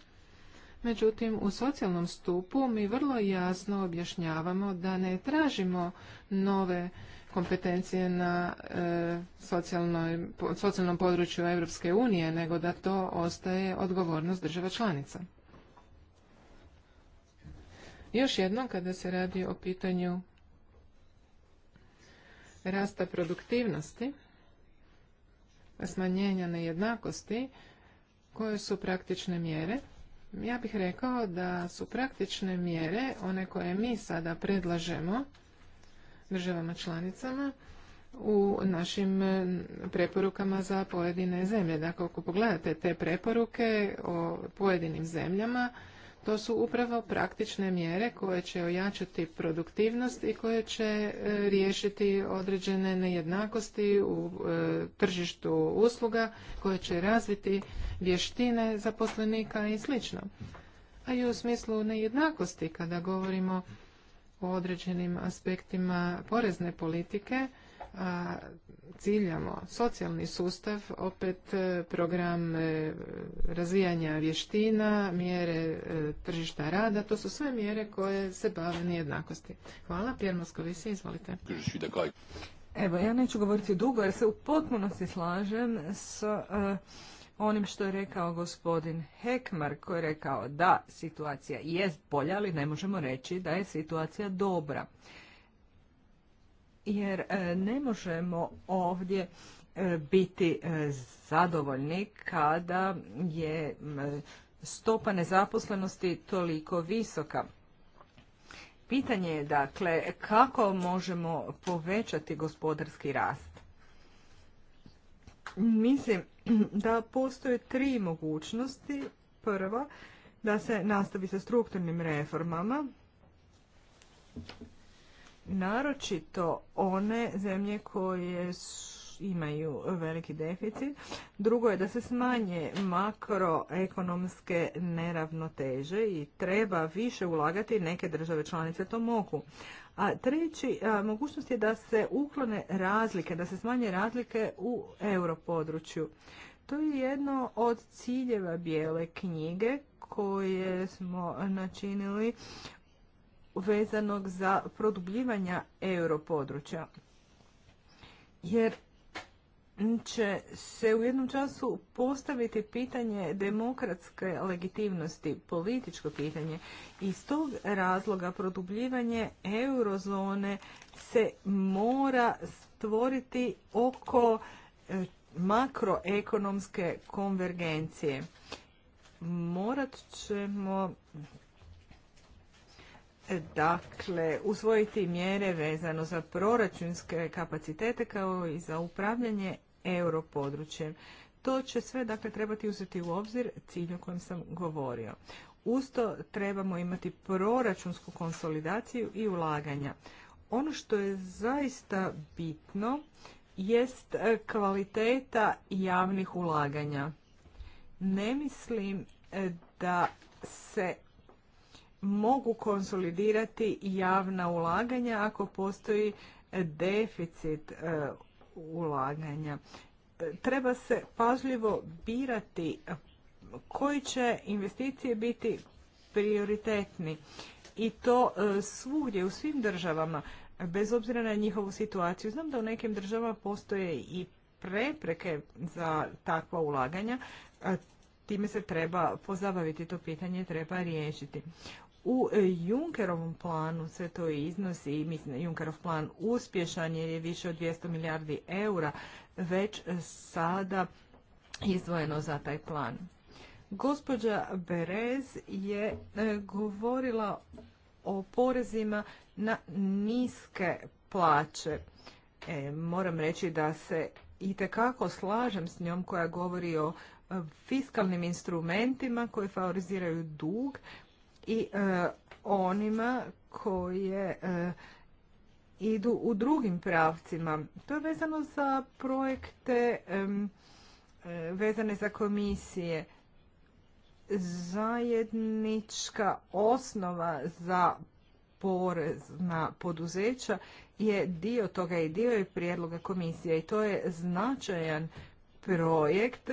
Međutim, u socijalnom stupu mi vrlo jasno objašnjavamo da ne tražimo nove kompetencije na e, socijalnom području Europske unije, nego da to ostaje odgovornost država članica. Još jednom, kada se radi o pitanju rasta produktivnosti, smanjenja nejednakosti, koje su praktične mjere? Ja bih rekao da su praktične mjere, one koje mi sada predlažemo državama članicama, u našim mm, preporukama za pojedine zemlje. Dakle, ako pogledate te preporuke o pojedinim zemljama, to su upravo praktične mjere koje će ojačati produktivnost i koje će e, riješiti određene nejednakosti u e, tržištu usluga, koje će razviti vještine zaposlenika i sl. A i u smislu nejednakosti kada govorimo o određenim aspektima porezne politike, ciljamo socijalni sustav, opet e, program e, razvijanja vještina, mjere e, tržišta rada, to su sve mjere koje se bave nijednakosti. Hvala, Pjer Moskovisi, izvolite. Evo, ja neću govoriti dugo jer se u potpunosti slažem s onim što je rekao gospodin Hekmar koji je rekao da situacija jest bolja, ali ne možemo reći da je situacija dobra jer e, ne možemo ovdje e, biti e, zadovoljni kada je stopa nezaposlenosti toliko visoka. Pitanje je dakle kako možemo povećati gospodarski rast. Mislim da postoje tri mogućnosti. Prva, da se nastavi sa strukturnim reformama naročito one zemlje koje imaju veliki deficit. Drugo je da se smanje makroekonomske neravnoteže i treba više ulagati, neke države članice to mogu. A treći a, mogućnost je da se uklone razlike, da se smanje razlike u europodručju. To je jedno od ciljeva bijele knjige koje smo načinili vezanog za produbljivanja europodručja. Jer će se u jednom času postaviti pitanje demokratske legitimnosti, političko pitanje. Iz tog razloga produbljivanje eurozone se mora stvoriti oko e, makroekonomske konvergencije. Morat ćemo dakle usvojiti mjere vezano za proračunske kapacitete kao i za upravljanje europodručjem. To će sve dakle trebati uzeti u obzir cilj o kojem sam govorio. Usto trebamo imati proračunsku konsolidaciju i ulaganja. Ono što je zaista bitno jest kvaliteta javnih ulaganja. Ne mislim da se mogu konsolidirati javna ulaganja ako postoji deficit e, ulaganja. E, treba se pažljivo birati koji će investicije biti prioritetni i to e, svugdje u svim državama bez obzira na njihovu situaciju. Znam da u nekim državama postoje i prepreke za takva ulaganja. Time se treba pozabaviti, to pitanje treba riješiti. U e, Junkerovom planu sve to iznosi i mislim Junkerov plan uspješan jer je više od 200 milijardi eura već sada izdvojeno za taj plan. Gospođa Berez je e, govorila o porezima na niske plaće. E, moram reći da se i tekako slažem s njom koja govori o fiskalnim instrumentima koji favoriziraju dug i e, onima koje e, idu u drugim pravcima. To je vezano za projekte e, vezane za komisije. Zajednička osnova za porez na poduzeća je dio toga i dio je prijedloga komisije i to je značajan projekt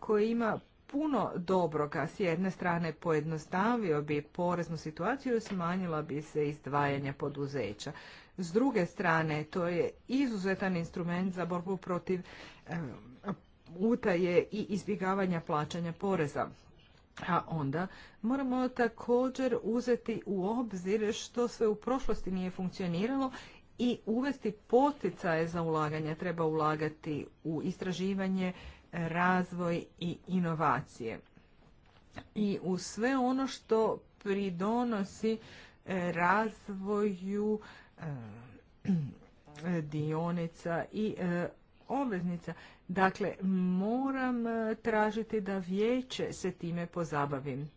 koji ima puno dobroga. S jedne strane pojednostavio bi poreznu situaciju i smanjila bi se izdvajanja poduzeća. S druge strane, to je izuzetan instrument za borbu protiv utaje i izbjegavanja plaćanja poreza. A onda moramo također uzeti u obzir što sve u prošlosti nije funkcioniralo i uvesti poticaje za ulaganje. Treba ulagati u istraživanje, razvoj i inovacije. I u sve ono što pridonosi e, razvoju e, dionica i e, obveznica. Dakle, moram tražiti da vijeće se time pozabavim.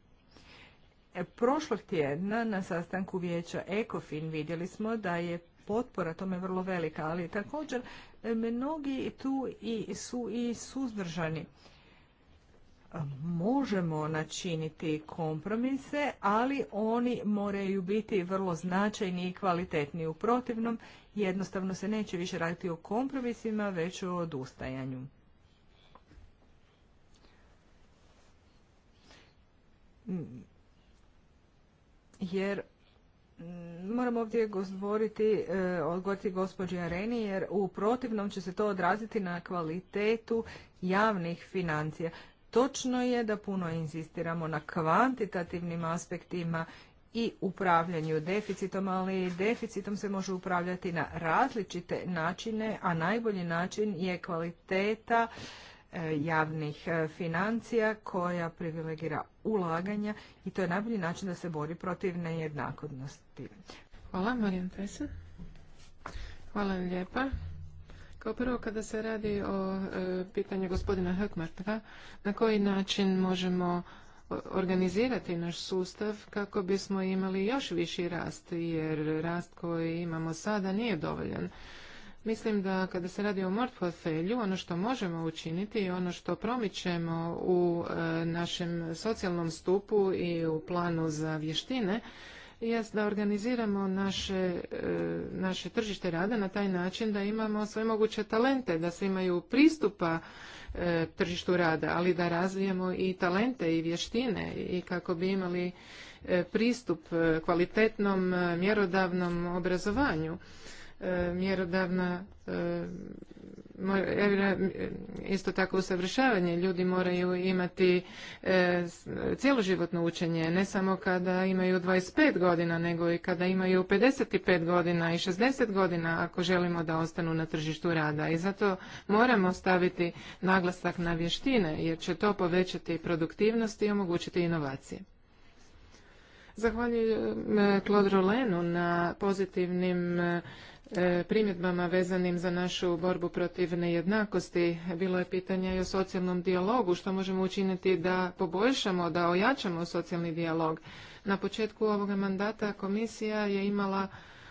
Prošlog tjedna na sastanku vijeća ECOFIN vidjeli smo da je potpora tome vrlo velika, ali također mnogi tu i su i suzdržani. Možemo načiniti kompromise, ali oni moraju biti vrlo značajni i kvalitetni. U protivnom, jednostavno se neće više raditi o kompromisima, već o odustajanju. Jer Mm, moram ovdje govoriti, e, odgovoriti gospođi Areni jer u protivnom će se to odraziti na kvalitetu javnih financija. Točno je da puno insistiramo na kvantitativnim aspektima i upravljanju deficitom, ali deficitom se može upravljati na različite načine, a najbolji način je kvaliteta E, javnih e, financija koja privilegira ulaganja i to je najbolji način da se bori protiv nejednakodnosti. Hvala, Marijan Hvala vam lijepa. Kao prvo kada se radi o e, pitanju gospodina Hrkmarta, na koji način možemo organizirati naš sustav kako bismo imali još viši rast, jer rast koji imamo sada nije dovoljan. Mislim da kada se radi o mort portfelju, ono što možemo učiniti i ono što promičemo u e, našem socijalnom stupu i u planu za vještine, jest da organiziramo naše, e, naše tržište rada na taj način da imamo sve moguće talente, da svi imaju pristupa e, tržištu rada, ali da razvijemo i talente i vještine i kako bi imali pristup kvalitetnom mjerodavnom obrazovanju E, mjerodavna e, e, isto tako usavršavanje. Ljudi moraju imati cjeloživotno učenje, ne samo kada imaju 25 godina, nego i kada imaju 55 godina i 60 godina ako želimo da ostanu na tržištu rada. I zato moramo staviti naglasak na vještine, jer će to povećati produktivnost i omogućiti inovacije. Zahvaljujem Claude Rolenu na pozitivnim E, primjedbama vezanim za našu borbu protiv nejednakosti. Bilo je pitanje i o socijalnom dijalogu, što možemo učiniti da poboljšamo, da ojačamo socijalni dijalog. Na početku ovoga mandata komisija je imala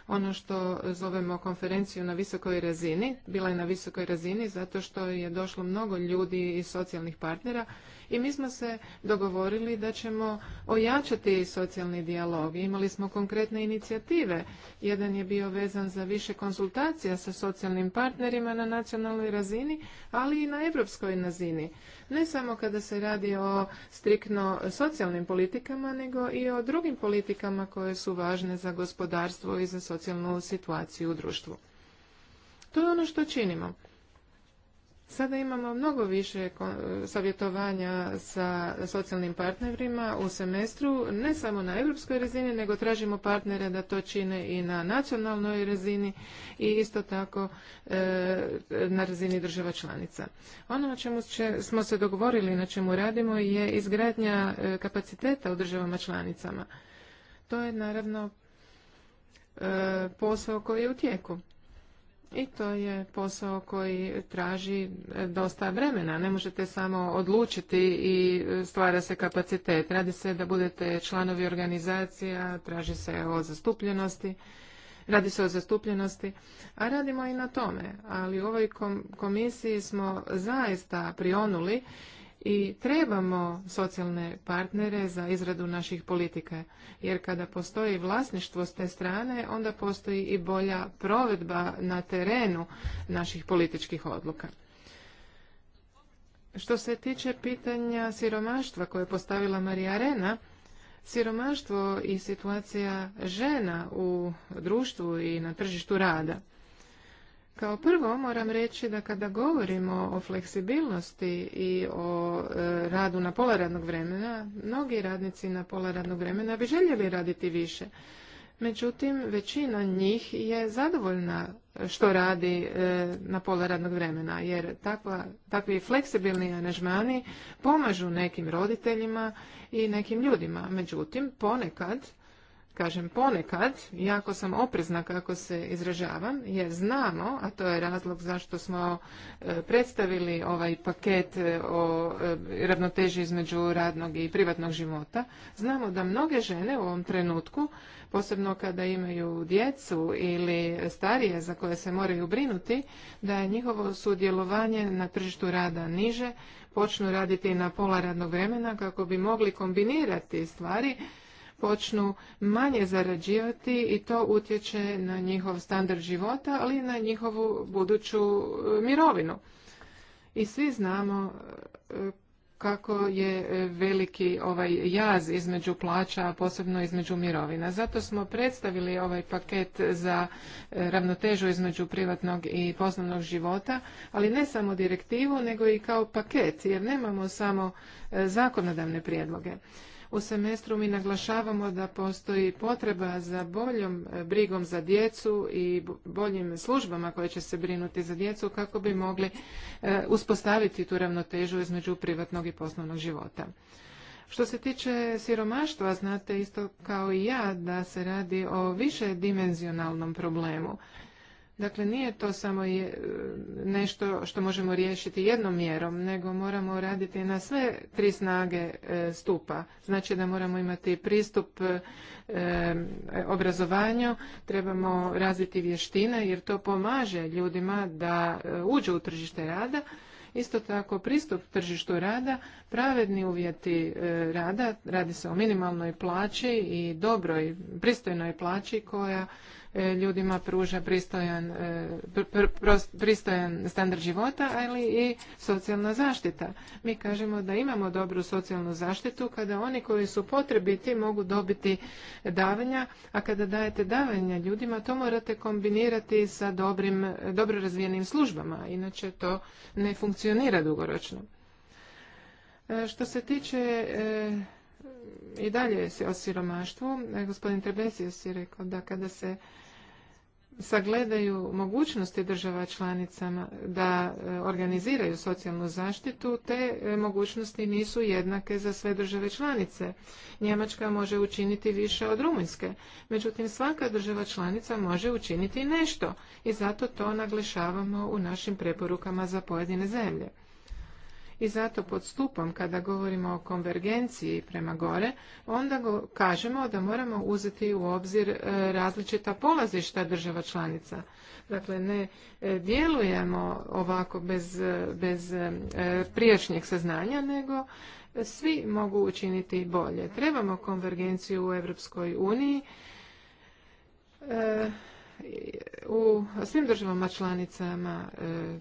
ono što zovemo konferenciju na visokoj razini. Bila je na visokoj razini zato što je došlo mnogo ljudi iz socijalnih partnera i mi smo se dogovorili da ćemo ojačati socijalni dijalog. Imali smo konkretne inicijative. Jedan je bio vezan za više konsultacija sa socijalnim partnerima na nacionalnoj razini, ali i na europskoj razini. Ne samo kada se radi o striktno socijalnim politikama, nego i o drugim politikama koje su važne za gospodarstvo i za socijalnu situaciju u društvu. To je ono što činimo. Sada imamo mnogo više savjetovanja sa socijalnim partnerima u semestru, ne samo na europskoj razini, nego tražimo partnere da to čine i na nacionalnoj razini i isto tako e, na razini država članica. Ono na čemu smo se dogovorili, na čemu radimo, je izgradnja e, kapaciteta u državama članicama. To je naravno e, posao koji je u tijeku. I to je posao koji traži e, dosta vremena. Ne možete samo odlučiti i e, stvara se kapacitet. Radi se da budete članovi organizacija, traži se o zastupljenosti. Radi se o zastupljenosti, a radimo i na tome. Ali u ovoj komisiji smo zaista prionuli i trebamo socijalne partnere za izradu naših politika, jer kada postoji vlasništvo s te strane, onda postoji i bolja provedba na terenu naših političkih odluka. Što se tiče pitanja siromaštva koje je postavila Marija Arena, siromaštvo i situacija žena u društvu i na tržištu rada – kao prvo moram reći da kada govorimo o fleksibilnosti i o e, radu na pola radnog vremena, mnogi radnici na pola radnog vremena bi željeli raditi više. Međutim, većina njih je zadovoljna što radi e, na pola radnog vremena, jer takva, takvi fleksibilni aranžmani pomažu nekim roditeljima i nekim ljudima. Međutim, ponekad Kažem ponekad, jako sam oprezna kako se izražavam, jer znamo, a to je razlog zašto smo e, predstavili ovaj paket e, o e, ravnoteži između radnog i privatnog života, znamo da mnoge žene u ovom trenutku, posebno kada imaju djecu ili starije za koje se moraju brinuti, da je njihovo sudjelovanje na tržištu rada niže, počnu raditi na pola radnog vremena kako bi mogli kombinirati stvari počnu manje zarađivati i to utječe na njihov standard života, ali i na njihovu buduću e, mirovinu. I svi znamo e, kako je e, veliki ovaj jaz između plaća, a posebno između mirovina. Zato smo predstavili ovaj paket za ravnotežu između privatnog i poslovnog života, ali ne samo direktivu, nego i kao paket, jer nemamo samo zakonodavne prijedloge. U semestru mi naglašavamo da postoji potreba za boljom e, brigom za djecu i boljim službama koje će se brinuti za djecu kako bi mogli e, uspostaviti tu ravnotežu između privatnog i poslovnog života. Što se tiče siromaštva, znate isto kao i ja da se radi o više dimenzionalnom problemu. Dakle, nije to samo nešto što možemo riješiti jednom mjerom, nego moramo raditi na sve tri snage e, stupa. Znači da moramo imati pristup e, obrazovanju, trebamo razviti vještine jer to pomaže ljudima da e, uđu u tržište rada. Isto tako pristup tržištu rada, pravedni uvjeti rada, radi se o minimalnoj plaći i dobroj, pristojnoj plaći koja E, ljudima pruža pristojan, e, pristojan standard života, ali i socijalna zaštita. Mi kažemo da imamo dobru socijalnu zaštitu kada oni koji su potrebiti mogu dobiti davanja, a kada dajete davanja ljudima, to morate kombinirati sa dobrim, dobro razvijenim službama, inače to ne funkcionira dugoročno. E, što se tiče i dalje o siromaštvu. E, gospodin Trebesius je rekao da kada se sagledaju mogućnosti država članicama da e, organiziraju socijalnu zaštitu, te e, mogućnosti nisu jednake za sve države članice. Njemačka može učiniti više od Rumunjske, međutim svaka država članica može učiniti nešto i zato to naglašavamo u našim preporukama za pojedine zemlje i zato pod stupom kada govorimo o konvergenciji prema gore, onda go kažemo da moramo uzeti u obzir e, različita polazišta država članica. Dakle, ne e, djelujemo ovako bez, e, bez prijašnjeg saznanja, nego svi mogu učiniti bolje. Trebamo konvergenciju u Europskoj uniji, u svim državama članicama,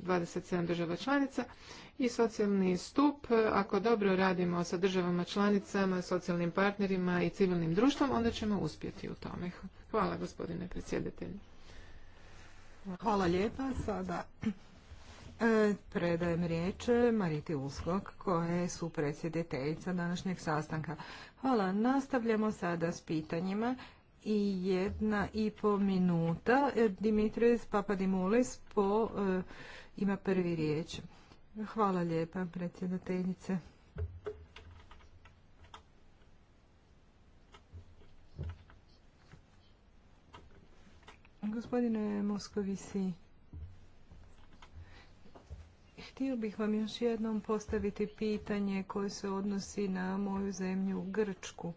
27 država članica i socijalni stup, ako dobro radimo sa državama članicama, socijalnim partnerima i civilnim društvom, onda ćemo uspjeti u tome. Hvala gospodine predsjedatelju. Hvala lijepa. Sada e, predajem riječ Mariti Uskok, koja je supredsjediteljica današnjeg sastanka. Hvala. Nastavljamo sada s pitanjima i jedna i pol minuta. E, Dimitris Papadimulis po, e, ima prvi riječ. Hvala lijepa, predsjedateljice. Gospodine Moskovisi, htio bih vam još jednom postaviti pitanje koje se odnosi na moju zemlju Grčku.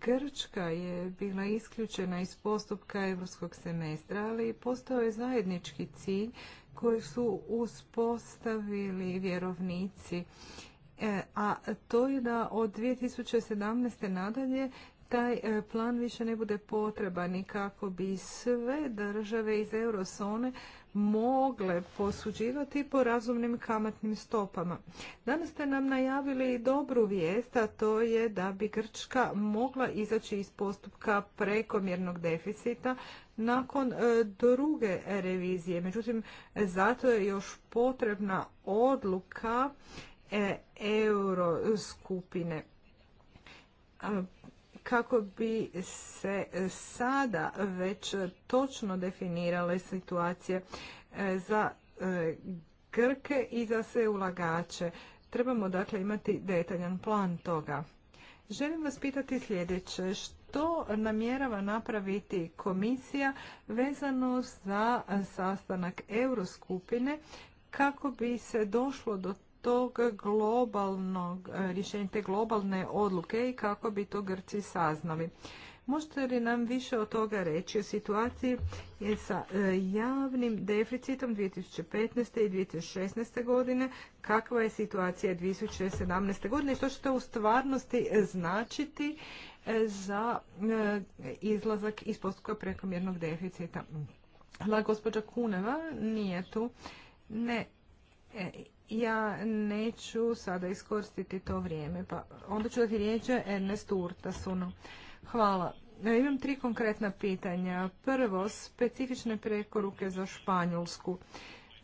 Grčka je bila isključena iz postupka europskog semestra, ali postao je zajednički cilj koji su uspostavili vjerovnici e, a to je da od 2017. nadalje taj e, plan više ne bude potreban i kako bi sve države iz eurozone mogle posuđivati po razumnim kamatnim stopama. Danas ste nam najavili dobru vijest, a to je da bi Grčka mogla izaći iz postupka prekomjernog deficita nakon e, druge revizije. Međutim, zato je još potrebna odluka e, euroskupine kako bi se sada već točno definirale situacije e, za e, Grke i za sve ulagače. Trebamo dakle imati detaljan plan toga. Želim vas pitati sljedeće. Što namjerava napraviti komisija vezano za sastanak Euroskupine kako bi se došlo do tog globalnog e, rješenja, te globalne odluke i kako bi to Grci saznali. Možete li nam više od toga reći o situaciji je sa e, javnim deficitom 2015. i 2016. godine, kakva je situacija 2017. godine i što će to u stvarnosti značiti e, za izlazak iz postupka prekomjernog deficita? Hvala, gospođa Kuneva nije tu. Ne, ja neću sada iskoristiti to vrijeme, pa onda ću dati riječ Ernestu Urtasunu. Hvala. E, imam tri konkretna pitanja. Prvo, specifične prekoruke za Španjolsku.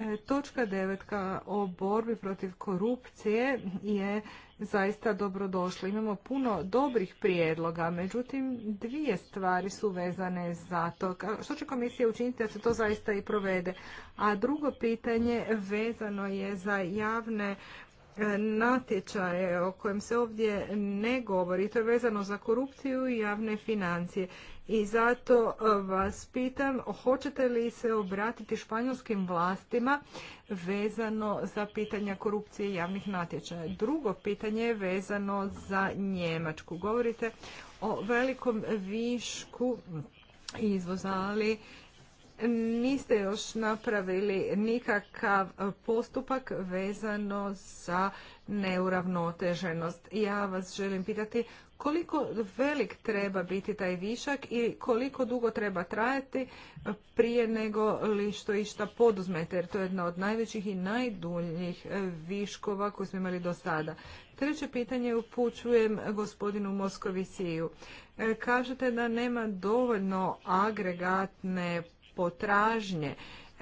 E, točka devetka o borbi protiv korupcije je zaista dobrodošla. Imamo puno dobrih prijedloga, međutim dvije stvari su vezane za to. Što će komisija učiniti da se to zaista i provede? A drugo pitanje vezano je za javne natječaje o kojem se ovdje ne govori. To je vezano za korupciju i javne financije. I zato e, vas pitam, hoćete li se obratiti španjolskim vlastima vezano za pitanja korupcije i javnih natječaja? Drugo pitanje je vezano za Njemačku. Govorite o velikom višku izvoza, ali niste još napravili nikakav postupak vezano za neuravnoteženost. Ja vas želim pitati koliko velik treba biti taj višak i koliko dugo treba trajati prije nego li što išta poduzmete, jer to je jedna od najvećih i najduljih viškova koje smo imali do sada. Treće pitanje upućujem gospodinu Moskovisiju. E, kažete da nema dovoljno agregatne potražnje.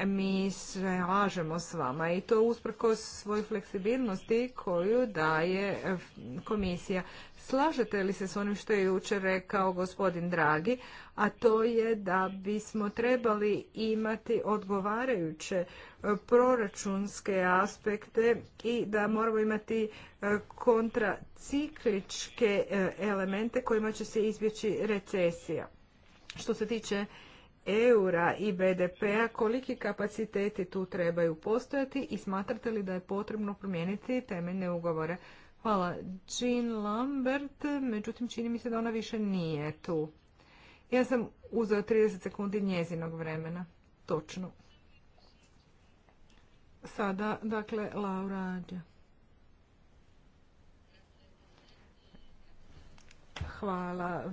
Mi se lažemo s vama i to usprkos svoj fleksibilnosti koju daje eh, komisija. Slažete li se s onim što je jučer rekao gospodin Dragi, a to je da bismo trebali imati odgovarajuće eh, proračunske aspekte i da moramo imati eh, kontracikličke elemente kojima će se izbjeći recesija. Što se tiče eura i BDP-a, koliki kapaciteti tu trebaju postojati i smatrate li da je potrebno promijeniti temeljne ugovore? Hvala. Jean Lambert, međutim čini mi se da ona više nije tu. Ja sam uzeo 30 sekundi njezinog vremena. Točno. Sada, dakle, Laura Adja. Hvala,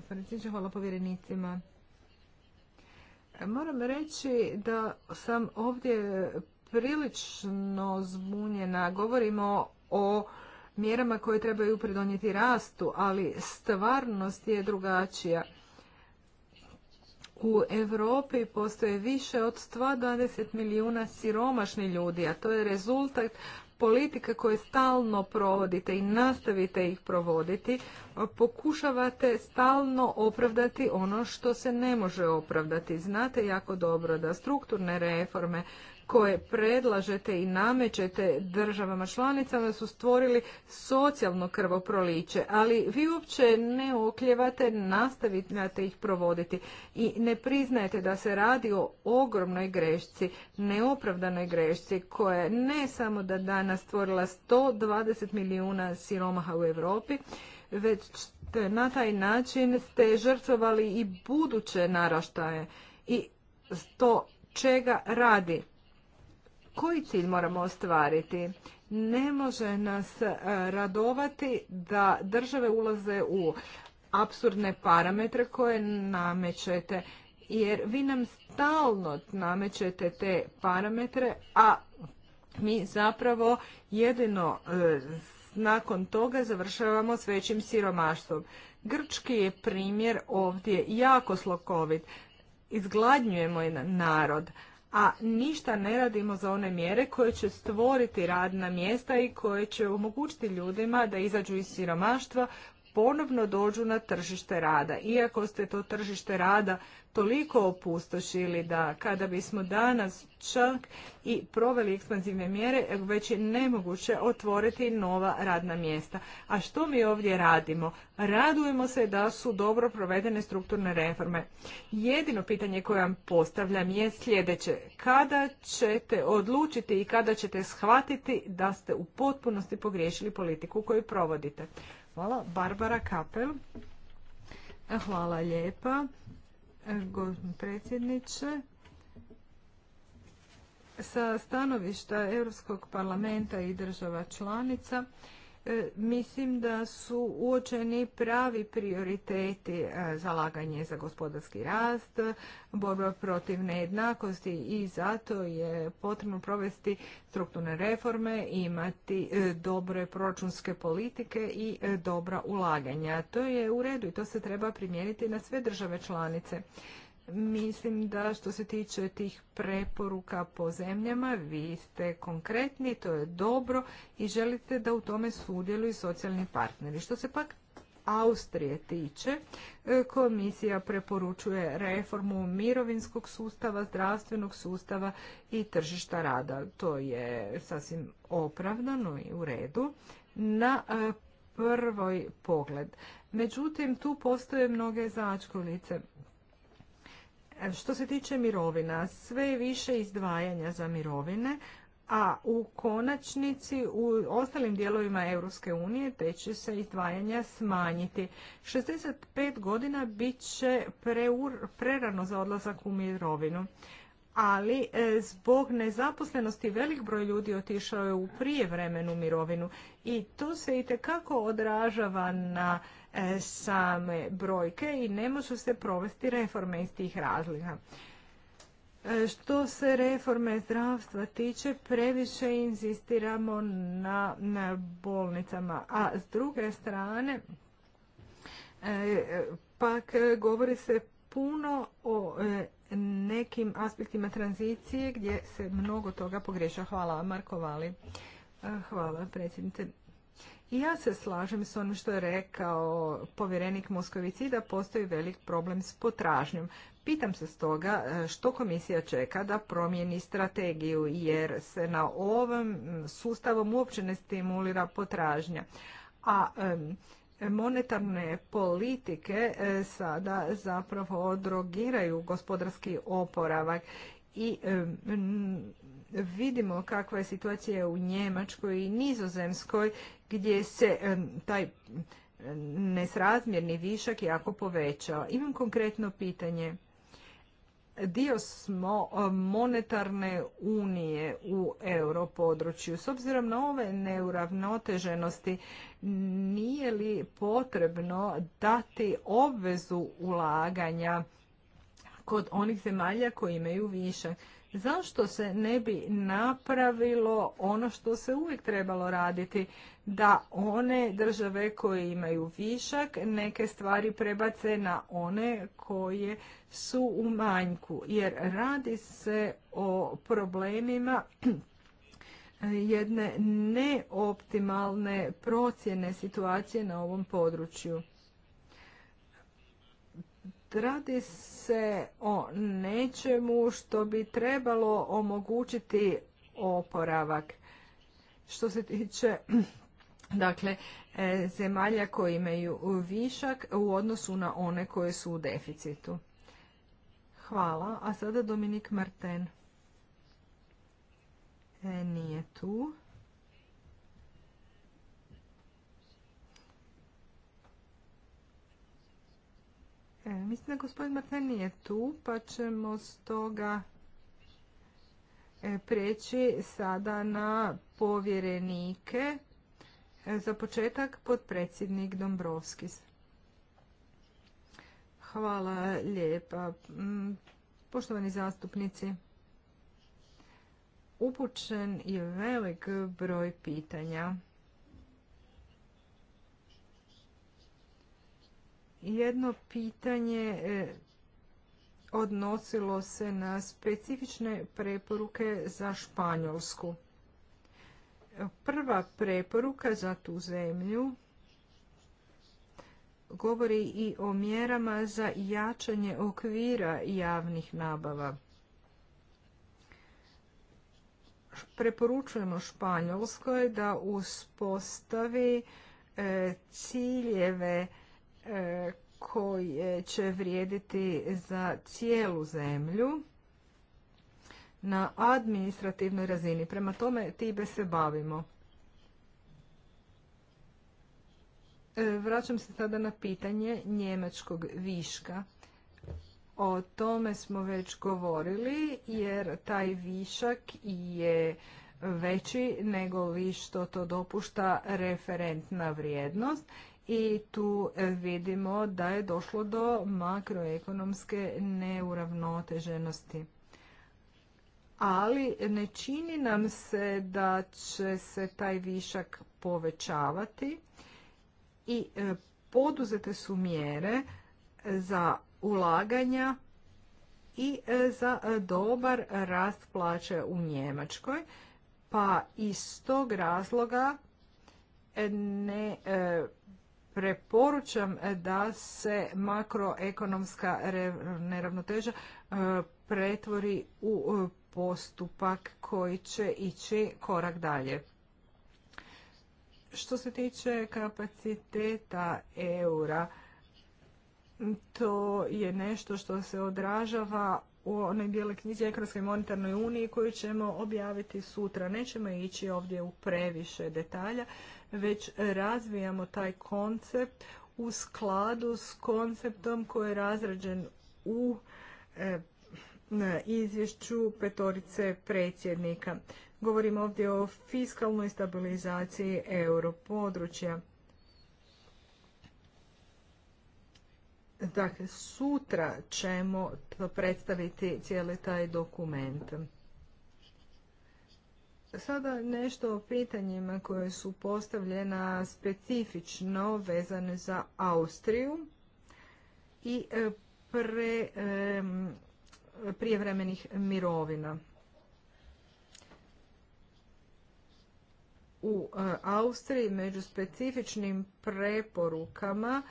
hvala povjerenicima. Moram reći da sam ovdje prilično zbunjena. Govorimo o mjerama koje trebaju pridonijeti rastu, ali stvarnost je drugačija. U Europi postoje više od 120 milijuna siromašnih ljudi, a to je rezultat politike koje stalno provodite i nastavite ih provoditi, pokušavate stalno opravdati ono što se ne može opravdati. Znate jako dobro da strukturne reforme koje predlažete i namećete državama članicama su stvorili socijalno krvoproliće, ali vi uopće ne okljevate, nastavite ih provoditi i ne priznajete da se radi o ogromnoj grešci, neopravdanoj grešci koja je ne samo da danas stvorila 120 milijuna siromaha u Europi, već na taj način ste žrtvovali i buduće naraštaje i to čega radi koji cilj moramo ostvariti? Ne može nas e, radovati da države ulaze u apsurdne parametre koje namećete, jer vi nam stalno namećete te parametre, a mi zapravo jedino e, nakon toga završavamo s većim siromaštvom. Grčki je primjer ovdje jako slokovit. Izgladnjujemo jedan narod, a ništa ne radimo za one mjere koje će stvoriti radna mjesta i koje će omogućiti ljudima da izađu iz siromaštva ponovno dođu na tržište rada. Iako ste to tržište rada toliko opustošili da kada bismo danas čak i proveli ekspanzivne mjere, već je nemoguće otvoriti nova radna mjesta. A što mi ovdje radimo? Radujemo se da su dobro provedene strukturne reforme. Jedino pitanje koje vam postavljam je sljedeće. Kada ćete odlučiti i kada ćete shvatiti da ste u potpunosti pogriješili politiku koju provodite? Hvala. Barbara Kapel. Hvala lijepa, predsjedniče. Sa stanovišta Europskog parlamenta i država članica E, mislim da su uočeni pravi prioriteti e, zalaganje za gospodarski rast, borba protiv nejednakosti i zato je potrebno provesti strukturne reforme, imati e, dobre proračunske politike i dobra ulaganja. To je u redu i to se treba primijeniti na sve države članice. Mislim da što se tiče tih preporuka po zemljama, vi ste konkretni, to je dobro i želite da u tome sudjeluju socijalni partneri. Što se pak Austrije tiče, e, komisija preporučuje reformu mirovinskog sustava, zdravstvenog sustava i tržišta rada. To je sasvim opravdano i u redu. Na e, prvoj pogled. Međutim, tu postoje mnoge začkolice. Što se tiče mirovina, sve više izdvajanja za mirovine, a u konačnici u ostalim dijelovima Europske unije te će se izdvajanja smanjiti. 65 godina bit će prerano za odlazak u mirovinu ali e, zbog nezaposlenosti velik broj ljudi otišao je u prijevremenu mirovinu i to se itekako odražava na e, same brojke i ne može se provesti reforme iz tih razlika. E, što se reforme zdravstva tiče, previše inzistiramo na, na bolnicama, a s druge strane pak govori se puno o nekim aspektima tranzicije gdje se mnogo toga pogreša. Hvala Marko Vali. Hvala predsjednice. I ja se slažem s onim što je rekao povjerenik Moskovici da postoji velik problem s potražnjom. Pitam se stoga e, što komisija čeka da promijeni strategiju jer se na ovom sustavom uopće ne stimulira potražnja. A monetarne politike e, sada zapravo drogiraju gospodarski oporavak i e, vidimo kakva je situacija u Njemačkoj i Nizozemskoj gdje se e, taj nesrazmjerni višak jako povećao. Imam konkretno pitanje dio smo e, monetarne unije u europodručju. S obzirom na ove neuravnoteženosti, nije li potrebno dati obvezu ulaganja kod onih zemalja koji imaju više? Zašto se ne bi napravilo ono što se uvijek trebalo raditi? da one države koje imaju višak neke stvari prebace na one koje su u manjku jer radi se o problemima jedne neoptimalne procjene situacije na ovom području. Radi se o nečemu što bi trebalo omogućiti oporavak. Što se tiče dakle, e, zemalja koje imaju višak u odnosu na one koje su u deficitu. Hvala. A sada Dominik Marten. E, nije tu. E, mislim da gospodin Marten nije tu, pa ćemo stoga preći sada na povjerenike. Za početak, podpredsjednik Dombrovskis. Hvala lijepa. Mm, poštovani zastupnici, upućen je velik broj pitanja. Jedno pitanje e, odnosilo se na specifične preporuke za Španjolsku. Prva preporuka za tu zemlju govori i o mjerama za jačanje okvira javnih nabava. Preporučujemo Španjolskoj da uspostavi e, ciljeve e, koje će vrijediti za cijelu zemlju na administrativnoj razini. Prema tome tibe se bavimo. E, vraćam se sada na pitanje njemačkog viška. O tome smo već govorili jer taj višak je veći nego li što to dopušta referentna vrijednost i tu vidimo da je došlo do makroekonomske neuravnoteženosti ali ne čini nam se da će se taj višak povećavati i e, poduzete su mjere za ulaganja i e, za e, dobar rast plaće u Njemačkoj, pa iz tog razloga ne preporučam da se makroekonomska neravnoteža pretvori u e, postupak koji će ići korak dalje. Što se tiče kapaciteta eura, to je nešto što se odražava u onoj bijele knjizi Ekonomskoj monetarnoj uniji koju ćemo objaviti sutra. Nećemo ići ovdje u previše detalja, već razvijamo taj koncept u skladu s konceptom koji je razrađen u e, izvješću petorice predsjednika. Govorimo ovdje o fiskalnoj stabilizaciji europodručja. Dakle, sutra ćemo predstaviti cijeli taj dokument. Sada nešto o pitanjima koje su postavljena specifično vezane za Austriju i e, pre, prijevremenih mirovina. U e, Austriji među specifičnim preporukama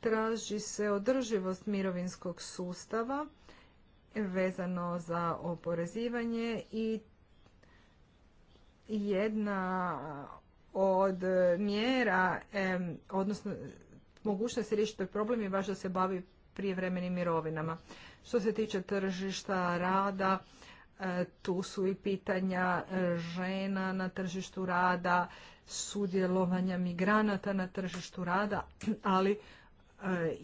traži se održivost mirovinskog sustava vezano za oporezivanje i jedna od mjera, e, odnosno mogućnost riješiti problem je baš da se bavi prijevremenim mirovinama. Što se tiče tržišta rada, e, tu su i pitanja e, žena na tržištu rada, sudjelovanja migranata na tržištu rada, ali e,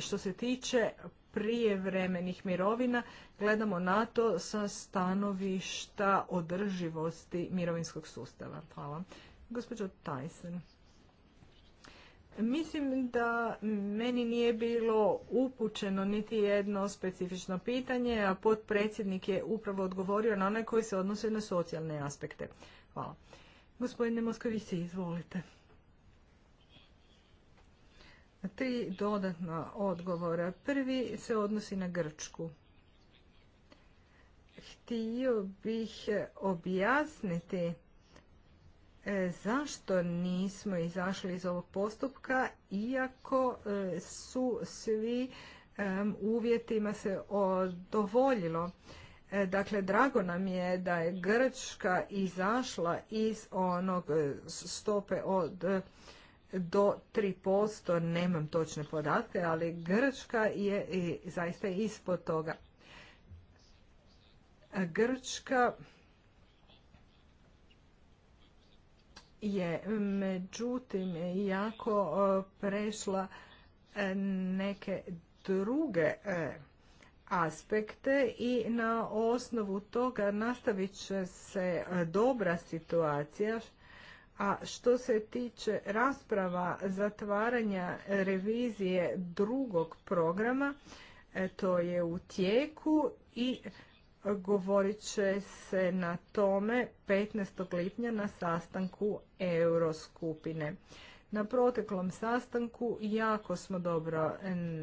što se tiče prijevremenih mirovina, gledamo na to sa stanovišta održivosti mirovinskog sustava. Hvala. Gospođo Tyson. Mislim da meni nije bilo upućeno niti jedno specifično pitanje, a potpredsjednik je upravo odgovorio na one koji se odnose na socijalne aspekte. Hvala. Gospodine Moskovici, izvolite. Tri dodatna odgovora. Prvi se odnosi na Grčku. Htio bih objasniti E, zašto nismo izašli iz ovog postupka iako e, su svi uvjetima se odovoljilo. E, dakle, drago nam je da je Grčka izašla iz onog stope od do 3%, nemam točne podatke, ali Grčka je zaista ispod toga. Grčka je međutim jako e, prešla e, neke druge e, aspekte i na osnovu toga nastavit će se dobra situacija a što se tiče rasprava zatvaranja revizije drugog programa to je u tijeku i govorit će se na tome 15. lipnja na sastanku Euroskupine. Na proteklom sastanku jako smo dobro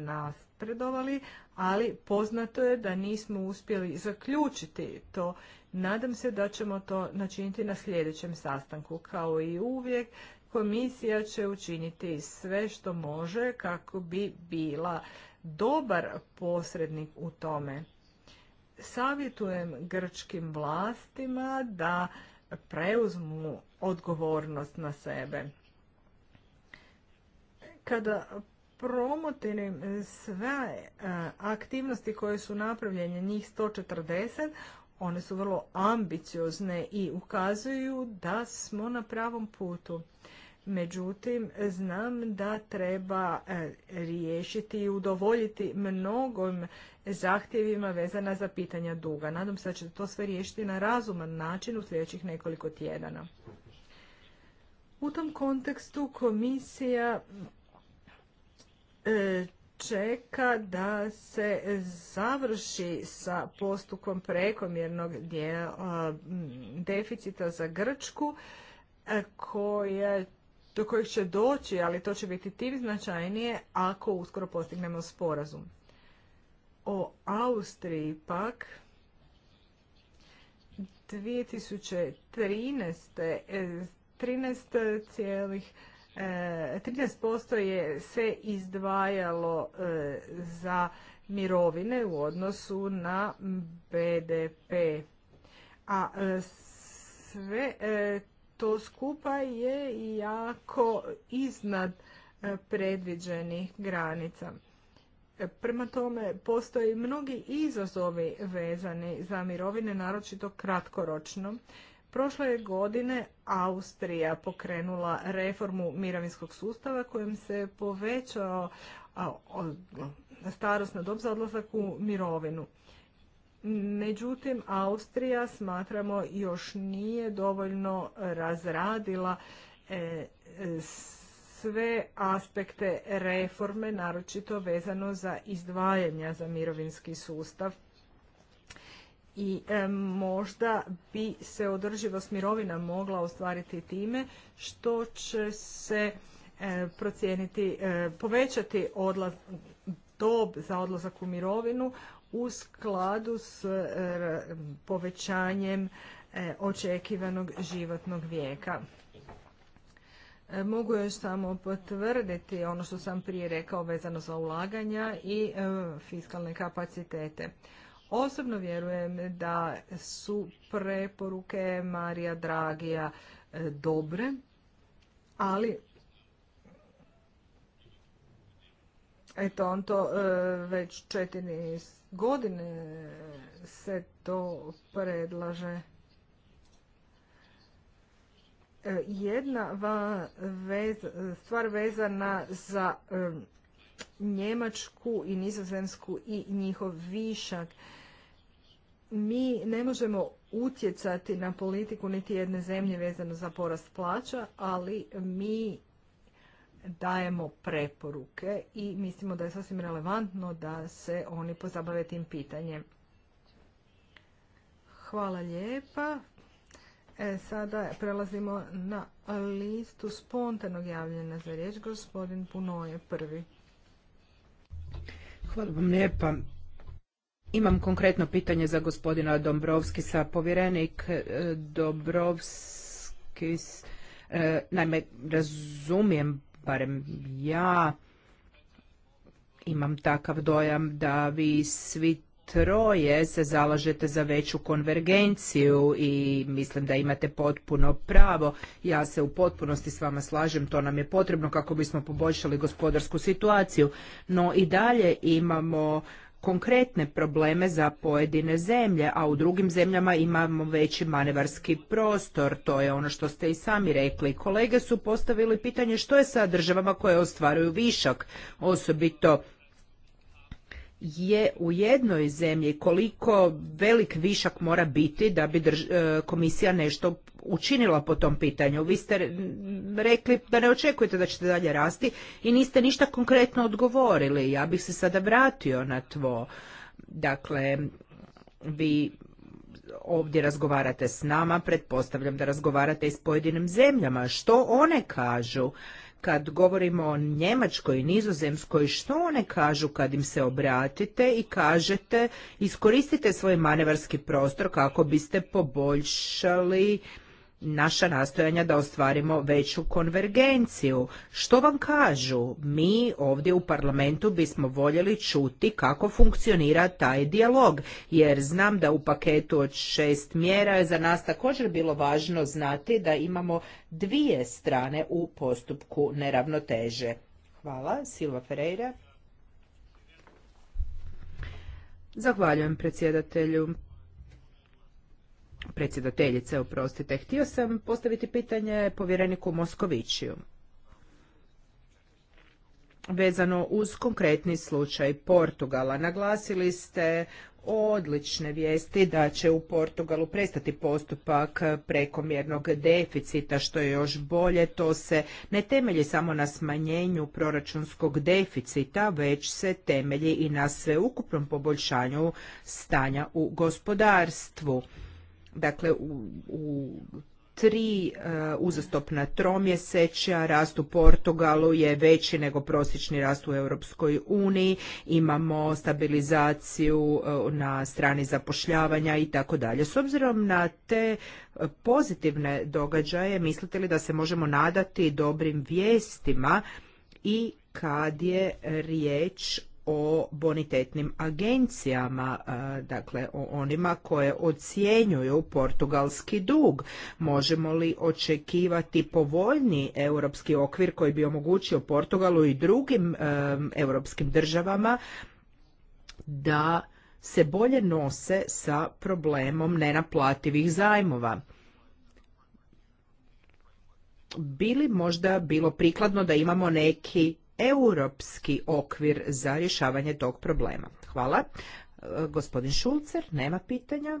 napredovali, ali poznato je da nismo uspjeli zaključiti to. Nadam se da ćemo to načiniti na sljedećem sastanku. Kao i uvijek, komisija će učiniti sve što može kako bi bila dobar posrednik u tome savjetujem grčkim vlastima da preuzmu odgovornost na sebe. Kada promotirim sve e, aktivnosti koje su napravljene, njih 140, one su vrlo ambiciozne i ukazuju da smo na pravom putu. Međutim, znam da treba e, riješiti i udovoljiti mnogom zahtjevima vezana za pitanja duga. Nadam se da će to sve riješiti na razuman način u sljedećih nekoliko tjedana. U tom kontekstu komisija e, čeka da se završi sa postupkom prekomjernog deficita za Grčku e, koje do kojih će doći, ali to će biti tim značajnije ako uskoro postignemo sporazum. O Austriji pak 2013. 13 e, je se izdvajalo e, za mirovine u odnosu na BDP. A e, sve to skupa je jako iznad e, predviđenih granica. E, prema tome, postoje mnogi izazovi vezani za mirovine, naročito kratkoročno. Prošle je godine Austrija pokrenula reformu mirovinskog sustava kojim se povećao starosna dob za odlazak u mirovinu. Međutim, Austrija smatramo još nije dovoljno razradila e, sve aspekte reforme, naročito vezano za izdvajanja za mirovinski sustav. I e, možda bi se održivost mirovina mogla ostvariti time što će se e, procijeniti, povećati odlaz, dob za odlazak u mirovinu u skladu s e, povećanjem e, očekivanog životnog vijeka. E, mogu još samo potvrditi ono što sam prije rekao vezano za ulaganja i fiskalne kapacitete. Osobno vjerujem da su preporuke Marija Dragija dobre, ali eto on to već četiri godine se to predlaže. E, jedna stvar vezana za Njemačku i Nizozemsku i njihov višak. Mi ne možemo utjecati na politiku niti jedne zemlje vezano za porast plaća, ali mi dajemo preporuke i mislimo da je sasvim relevantno da se oni pozabave tim pitanjem. Hvala lijepa. E, sada prelazimo na listu spontanog javljena za riječ. Gospodin Puno je prvi. Hvala vam lijepa. Imam konkretno pitanje za gospodina Dombrovskisa. Povjerenik e, Dobrovskis, e, naime, razumijem barem ja imam takav dojam da vi svi troje se zalažete za veću konvergenciju i mislim da imate potpuno pravo. Ja se u potpunosti s vama slažem, to nam je potrebno kako bismo poboljšali gospodarsku situaciju. No i dalje imamo konkretne probleme za pojedine zemlje, a u drugim zemljama imamo veći manevarski prostor. To je ono što ste i sami rekli. Kolege su postavili pitanje što je sa državama koje ostvaruju višak, osobito je u jednoj zemlji koliko velik višak mora biti da bi e, komisija nešto učinila po tom pitanju. Vi ste rekli da ne očekujete da ćete dalje rasti i niste ništa konkretno odgovorili. Ja bih se sada vratio na tvo. Dakle, vi ovdje razgovarate s nama, pretpostavljam da razgovarate i s pojedinim zemljama. Što one kažu? kad govorimo o Njemačkoj i Nizozemskoj, što one kažu kad im se obratite i kažete iskoristite svoj manevarski prostor kako biste poboljšali naša nastojanja da ostvarimo veću konvergenciju. Što vam kažu? Mi ovdje u parlamentu bismo voljeli čuti kako funkcionira taj dijalog, jer znam da u paketu od šest mjera je za nas također bilo važno znati da imamo dvije strane u postupku neravnoteže. Hvala, Silva Ferreira. Zahvaljujem predsjedatelju predsjedateljice, oprostite. Htio sam postaviti pitanje povjereniku Moskovićiju vezano uz konkretni slučaj Portugala. Naglasili ste odlične vijesti da će u Portugalu prestati postupak prekomjernog deficita, što je još bolje. To se ne temelji samo na smanjenju proračunskog deficita, već se temelji i na sveukupnom poboljšanju stanja u gospodarstvu dakle u, u tri uh, uzastopna tromjeseća, rast u Portugalu je veći nego prosječni rast u Europskoj uniji, imamo stabilizaciju uh, na strani zapošljavanja i tako dalje. S obzirom na te uh, pozitivne događaje, mislite li da se možemo nadati dobrim vijestima i kad je riječ o bonitetnim agencijama, dakle o onima koje ocjenjuju portugalski dug. Možemo li očekivati povoljni europski okvir koji bi omogućio Portugalu i drugim europskim državama da se bolje nose sa problemom nenaplativih zajmova Bili možda bilo prikladno da imamo neki europski okvir za rješavanje tog problema. Hvala. E, gospodin Šulcer, nema pitanja.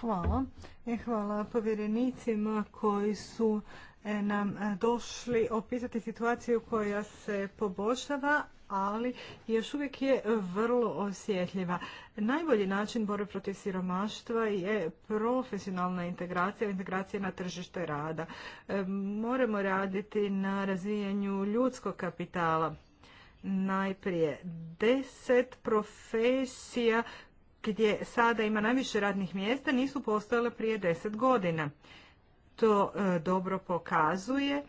Hvala. E, hvala povjerenicima koji su E, nam e, došli opisati situaciju koja se poboljšava, ali još uvijek je vrlo osjetljiva. Najbolji način borbe protiv siromaštva je profesionalna integracija, integracija na tržište rada. E, moramo raditi na razvijanju ljudskog kapitala. Najprije deset profesija gdje sada ima najviše radnih mjesta nisu postojale prije deset godina to e, dobro pokazuje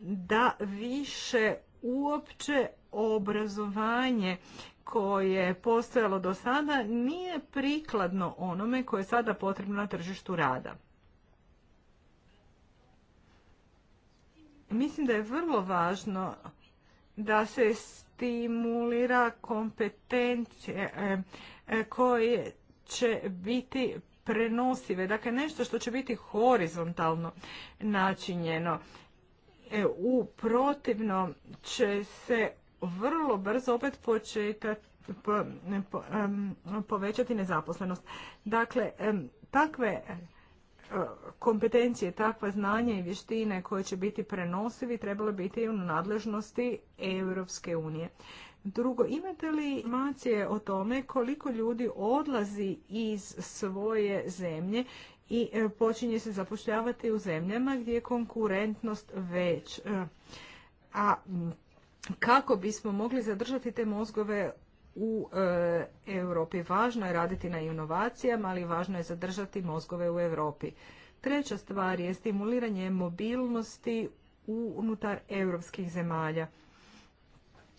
da više uopće obrazovanje koje je postojalo do sada nije prikladno onome koje je sada potrebno na tržištu rada. Mislim da je vrlo važno da se stimulira kompetencije e, e, koje će biti prenosive, dakle nešto što će biti horizontalno načinjeno. E, u protivnom će se vrlo brzo opet početati povećati nezaposlenost. Dakle, takve e, kompetencije, takva znanja i vještine koje će biti prenosivi trebalo biti i u nadležnosti Europske unije. Drugo, imate li informacije o tome koliko ljudi odlazi iz svoje zemlje i e, počinje se zapošljavati u zemljama gdje je konkurentnost već? E, a kako bismo mogli zadržati te mozgove u e, Europi. Važno je raditi na inovacijama, ali važno je zadržati mozgove u Europi. Treća stvar je stimuliranje mobilnosti unutar europskih zemalja.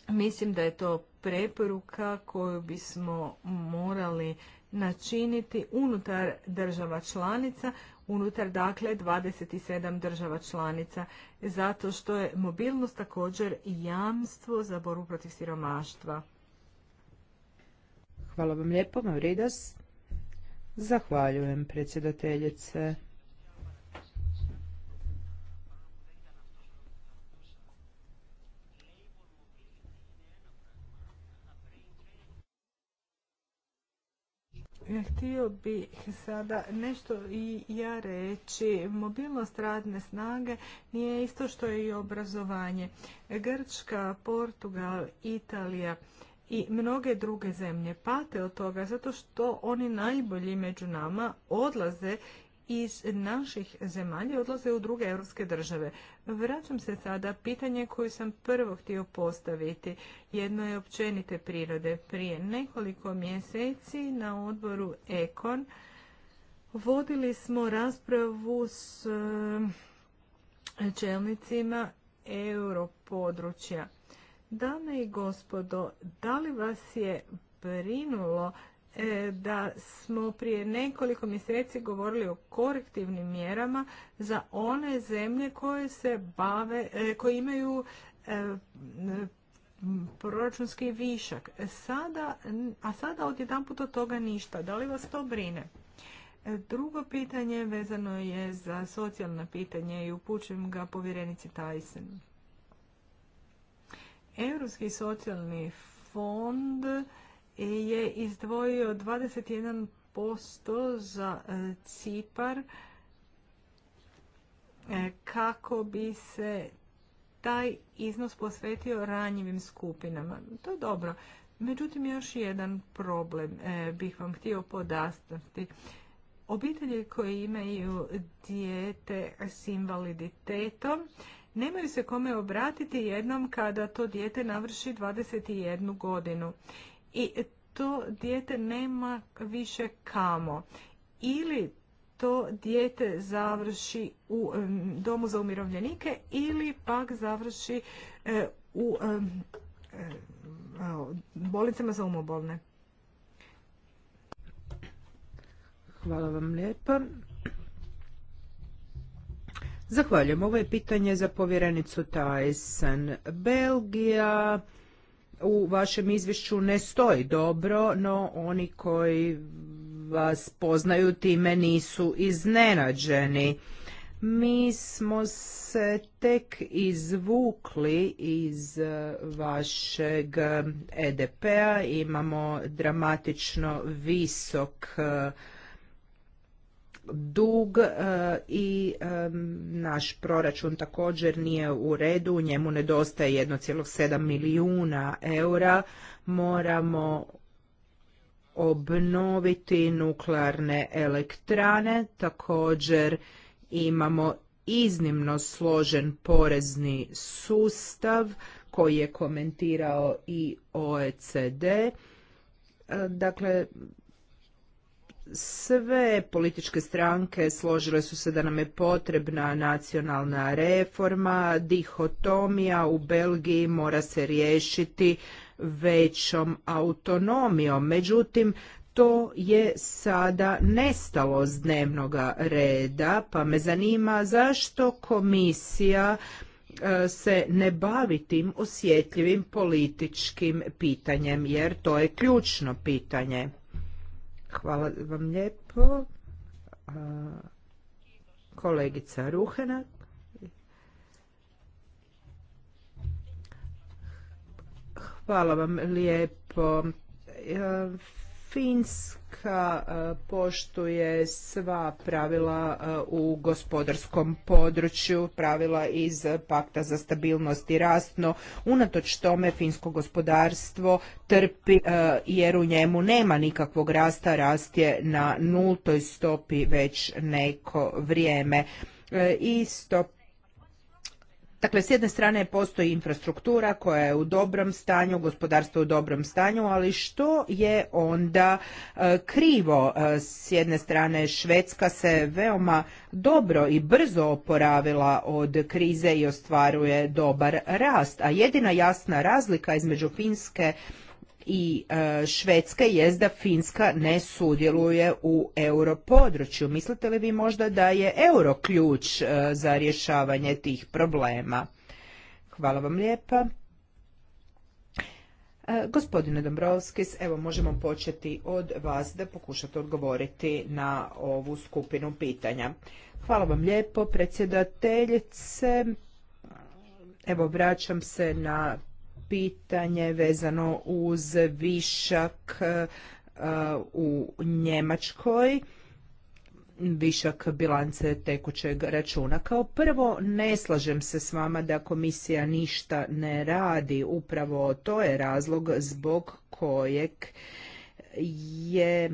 Mislim da je to preporuka koju bismo morali načiniti unutar država članica, unutar dakle 27 država članica, zato što je mobilnost također jamstvo za borbu protiv siromaštva. Hvala vam lijepo, Mavridas. Zahvaljujem predsjedateljice. Htio bih sada nešto i ja reći. Mobilnost radne snage nije isto što je i obrazovanje. Grčka, Portugal, Italija i mnoge druge zemlje pate od toga zato što oni najbolji među nama odlaze iz naših zemalja odlaze u druge europske države. Vraćam se sada pitanje koje sam prvo htio postaviti. Jedno je općenite prirode. Prije nekoliko mjeseci na odboru Ekon vodili smo raspravu s um, čelnicima europodručja. Dame i gospodo, da li vas je brinulo E, da smo prije nekoliko mjeseci govorili o korektivnim mjerama za one zemlje koje se bave, e, koje imaju e, proračunski višak. Sada, a sada odjedanput od toga ništa. Da li vas to brine? Drugo pitanje vezano je za socijalna pitanje i upućujem ga povjerenici Tyson. Europski socijalni fond je izdvojio 21% za e, Cipar e, kako bi se taj iznos posvetio ranjivim skupinama. To je dobro. Međutim, još jedan problem e, bih vam htio podastati. Obitelji koje imaju dijete s invaliditetom nemaju se kome obratiti jednom kada to dijete navrši 21 godinu i to dijete nema više kamo. Ili to dijete završi u domu za umirovljenike ili pak završi e, u e, bolnicama za umobolne. Hvala vam lijepa. Zahvaljujem. Ovo je pitanje za povjerenicu Tyson. Belgija u vašem izvješću ne stoji dobro, no oni koji vas poznaju time nisu iznenađeni. Mi smo se tek izvukli iz vašeg EDP-a, imamo dramatično visok dug e, i e, naš proračun također nije u redu, njemu nedostaje 1,7 milijuna eura, moramo obnoviti nuklearne elektrane, također imamo iznimno složen porezni sustav koji je komentirao i OECD. E, dakle, sve političke stranke složile su se da nam je potrebna nacionalna reforma, dihotomija u Belgiji mora se riješiti većom autonomijom. Međutim, to je sada nestalo s dnevnoga reda, pa me zanima zašto komisija e, se ne bavi tim osjetljivim političkim pitanjem, jer to je ključno pitanje. Hvala vam lijepo. Kolegica Ruhena. Hvala vam lijepo. Finsk E, poštuje sva pravila e, u gospodarskom području, pravila iz Pakta za stabilnost i rastno. Unatoč tome finsko gospodarstvo trpi e, jer u njemu nema nikakvog rasta, rast je na nultoj stopi već neko vrijeme. Isto Dakle, s jedne strane postoji infrastruktura koja je u dobrom stanju, gospodarstvo u dobrom stanju, ali što je onda e, krivo? E, s jedne strane Švedska se veoma dobro i brzo oporavila od krize i ostvaruje dobar rast, a jedina jasna razlika između Finske i e, švedska jezda da Finska ne sudjeluje u europodručju. Mislite li vi možda da je euro ključ e, za rješavanje tih problema? Hvala vam lijepa. E, gospodine Dombrovskis, evo možemo početi od vas da pokušate odgovoriti na ovu skupinu pitanja. Hvala vam lijepo, predsjedateljice. Evo vraćam se na pitanje vezano uz višak uh, u Njemačkoj višak bilance tekućeg računa. Kao prvo, ne slažem se s vama da komisija ništa ne radi. Upravo to je razlog zbog kojeg je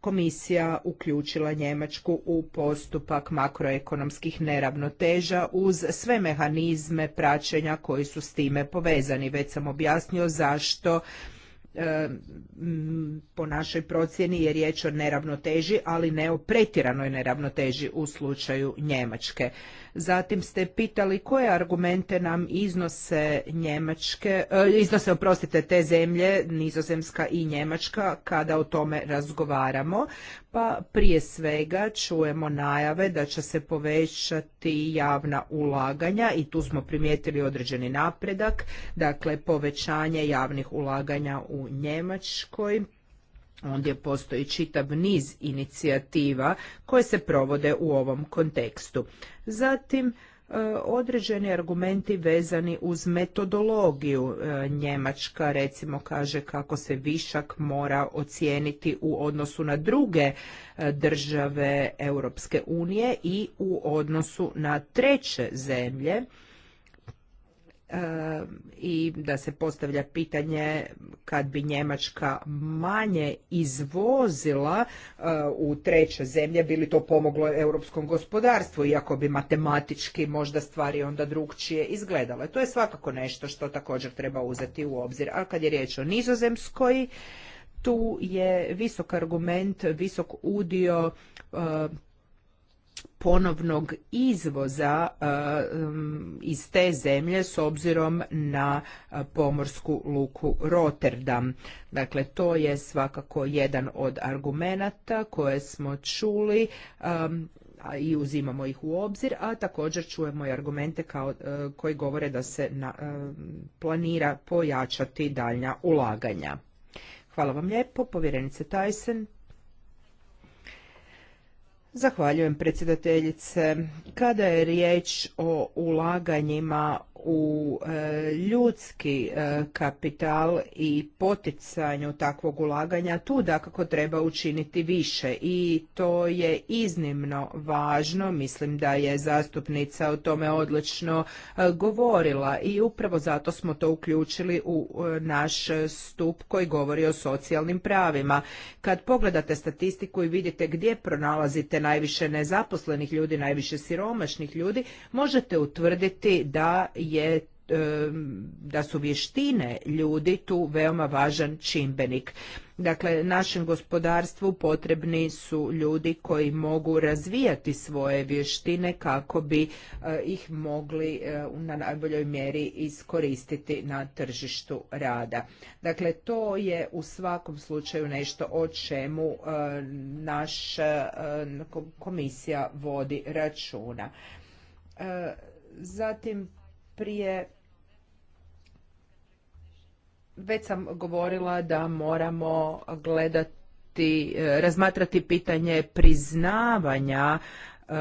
komisija uključila Njemačku u postupak makroekonomskih neravnoteža uz sve mehanizme praćenja koji su s time povezani. Već sam objasnio zašto E, po našoj procjeni je riječ o neravnoteži, ali ne o pretjeranoj neravnoteži u slučaju Njemačke. Zatim ste pitali koje argumente nam iznose Njemačke, e, iznose, oprostite, te zemlje, Nizozemska i Njemačka, kada o tome razgovaramo. Pa prije svega čujemo najave da će se povećati javna ulaganja i tu smo primijetili određeni napredak, dakle povećanje javnih ulaganja u Njemačkoj Ondje postoji čitav niz inicijativa koje se provode u ovom kontekstu. Zatim, e, određeni argumenti vezani uz metodologiju. E, Njemačka recimo kaže kako se višak mora ocijeniti u odnosu na druge e, države Europske unije i u odnosu na treće zemlje i da se postavlja pitanje kad bi Njemačka manje izvozila e, u treće zemlje, bi li to pomoglo europskom gospodarstvu, iako bi matematički možda stvari onda drugčije izgledale. To je svakako nešto što također treba uzeti u obzir. A kad je riječ o nizozemskoj, tu je visok argument, visok udio e, ponovnog izvoza e, iz te zemlje s obzirom na e, pomorsku luku Rotterdam. Dakle, to je svakako jedan od argumenata koje smo čuli e, i uzimamo ih u obzir, a također čujemo i argumente koji govore da se planira pojačati daljnja ulaganja. Hvala vam lijepo, povjerenice Tyson. Zahvaljujem predsjedateljice. Kada je riječ o ulaganjima u e, ljudski e, kapital i poticanju takvog ulaganja tu dakako treba učiniti više i to je iznimno važno mislim da je zastupnica o tome odlično e, govorila i upravo zato smo to uključili u naš stup koji govori o socijalnim pravima kad pogledate statistiku i vidite gdje pronalazite najviše nezaposlenih ljudi najviše siromašnih ljudi možete utvrditi da je da su vještine ljudi tu veoma važan čimbenik. Dakle, našem gospodarstvu potrebni su ljudi koji mogu razvijati svoje vještine kako bi eh, ih mogli eh, na najboljoj mjeri iskoristiti na tržištu rada. Dakle, to je u svakom slučaju nešto o čemu eh, naša komisija vodi računa. Zatim prije već sam govorila da moramo gledati e, razmatrati pitanje priznavanja E,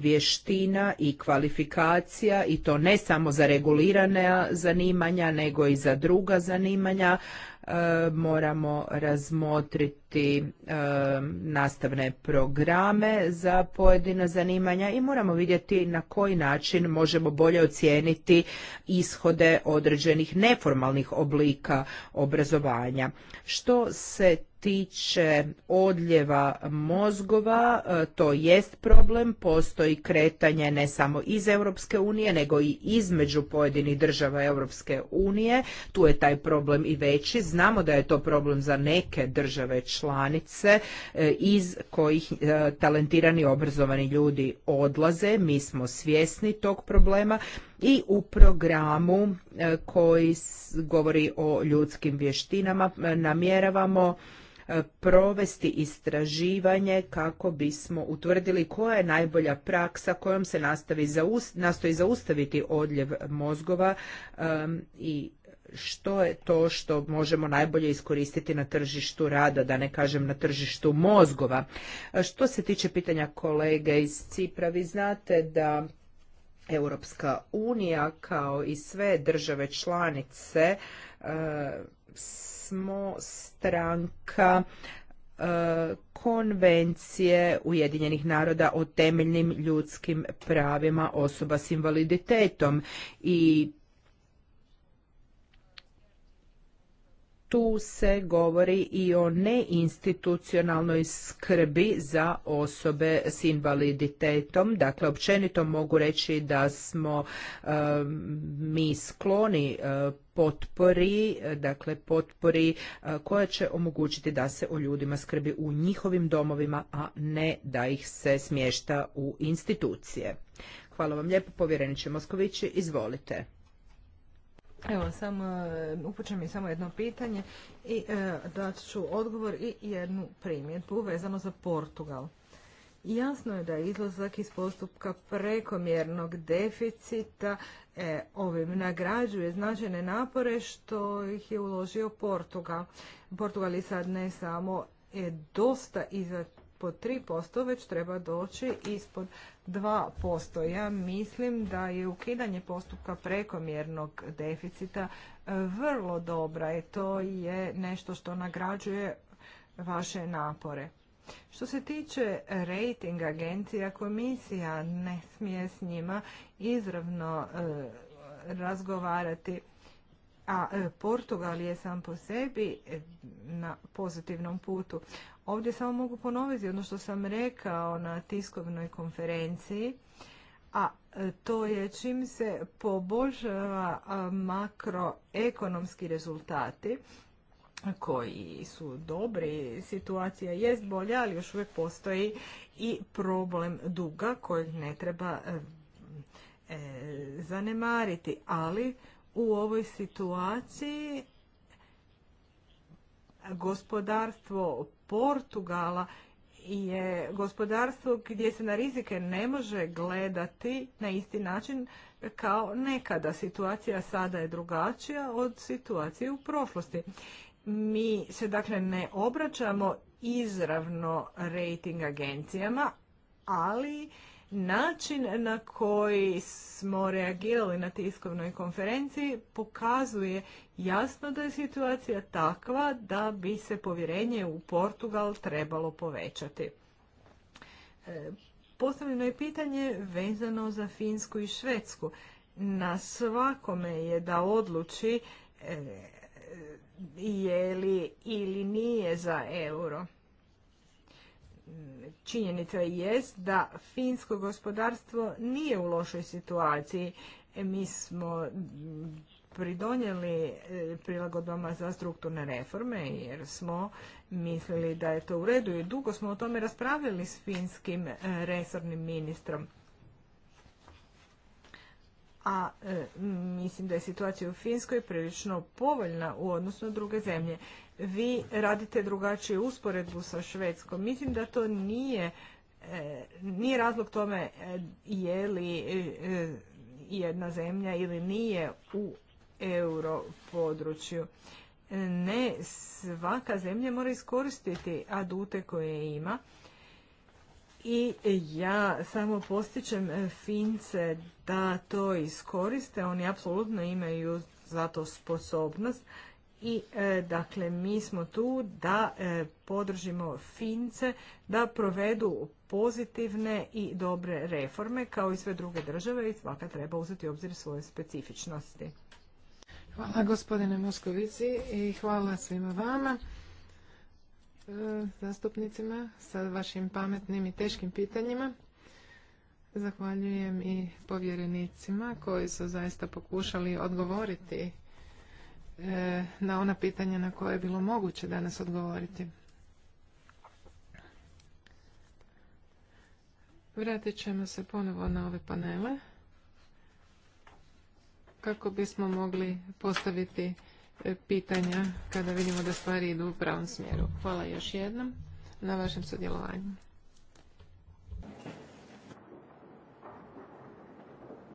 vještina i kvalifikacija i to ne samo za regulirane zanimanja nego i za druga zanimanja e, moramo razmotriti e, nastavne programe za pojedina zanimanja i moramo vidjeti na koji način možemo bolje ocijeniti ishode određenih neformalnih oblika obrazovanja. Što se tiče odljeva mozgova, e, to jest problem, postoji kretanje ne samo iz Europske unije, nego i između pojedinih država Europske unije. Tu je taj problem i veći. Znamo da je to problem za neke države članice e, iz kojih e, talentirani obrazovani ljudi odlaze. Mi smo svjesni tog problema i u programu koji govori o ljudskim vještinama namjeravamo E, provesti istraživanje kako bismo utvrdili koja je najbolja praksa kojom se nastoji zaustaviti odljev mozgova i što je to što možemo najbolje iskoristiti na tržištu rada, da ne kažem na tržištu mozgova. E, što se tiče pitanja kolege iz Cipra, vi znate da Europska unija kao i sve države članice e, smo stranka e, konvencije Ujedinjenih naroda o temeljnim ljudskim pravima osoba s invaliditetom i tu se govori i o neinstitucionalnoj skrbi za osobe s invaliditetom. Dakle, općenito mogu reći da smo mi skloni e, potpori, dakle potpori e, koja će omogućiti da se o ljudima skrbi u njihovim domovima, a ne da ih se smješta u institucije. Hvala vam lijepo, povjereniče Moskovići, izvolite. Evo, sam, e, mi samo jedno pitanje i e, dat ću odgovor i jednu primjedbu vezano za Portugal. Jasno je da je izlazak iz postupka prekomjernog deficita e, ovim nagrađuje značajne napore što ih je uložio Portugal. Portugal je sad ne samo dosta iza po 3%, već treba doći ispod 2%. Ja mislim da je ukidanje postupka prekomjernog deficita e, vrlo dobra i to je nešto što nagrađuje vaše napore. Što se tiče rating agencija, komisija ne smije s njima izravno e, razgovarati a e, Portugal je sam po sebi e, na pozitivnom putu. Ovdje samo mogu ponoviti ono što sam rekao na tiskovnoj konferenciji, a e, to je čim se poboljšava makroekonomski rezultati koji su dobri, situacija jest bolja, ali još uvijek postoji i problem duga kojeg ne treba zanemariti, ali u ovoj situaciji gospodarstvo Portugala je gospodarstvo gdje se na rizike ne može gledati na isti način kao nekada. Situacija sada je drugačija od situacije u prošlosti. Mi se dakle ne obraćamo izravno rating agencijama, ali Način na koji smo reagirali na tiskovnoj konferenciji pokazuje jasno da je situacija takva da bi se povjerenje u Portugal trebalo povećati. E, postavljeno je pitanje vezano za Finsku i Švedsku. Na svakome je da odluči e, je li ili nije za euro činjenica jest da finsko gospodarstvo nije u lošoj situaciji. E, mi smo pridonijeli e, prilagodbama za strukturne reforme jer smo mislili da je to u redu i dugo smo o tome raspravljali s finskim e, resornim ministrom. A mislim da je situacija u Finskoj prilično povoljna u odnosu na druge zemlje vi radite drugačiju usporedbu sa Švedskom. Mislim da to nije, e, nije razlog tome e, je li e, jedna zemlja ili nije u euro području. Ne, svaka zemlja mora iskoristiti adute koje ima. I ja samo postičem Fince da to iskoriste. Oni apsolutno imaju za to sposobnost i e, dakle mi smo tu da e, podržimo Fince da provedu pozitivne i dobre reforme kao i sve druge države i svaka treba uzeti u obzir svoje specifičnosti. Hvala gospodine Moskovici i hvala svima vama e, zastupnicima sa vašim pametnim i teškim pitanjima. Zahvaljujem i povjerenicima koji su zaista pokušali odgovoriti E, na ona pitanja na koje je bilo moguće danas odgovoriti. Vratit ćemo se ponovo na ove panele kako bismo mogli postaviti e, pitanja kada vidimo da stvari idu u pravom smjeru. Hvala još jednom na vašem sudjelovanju.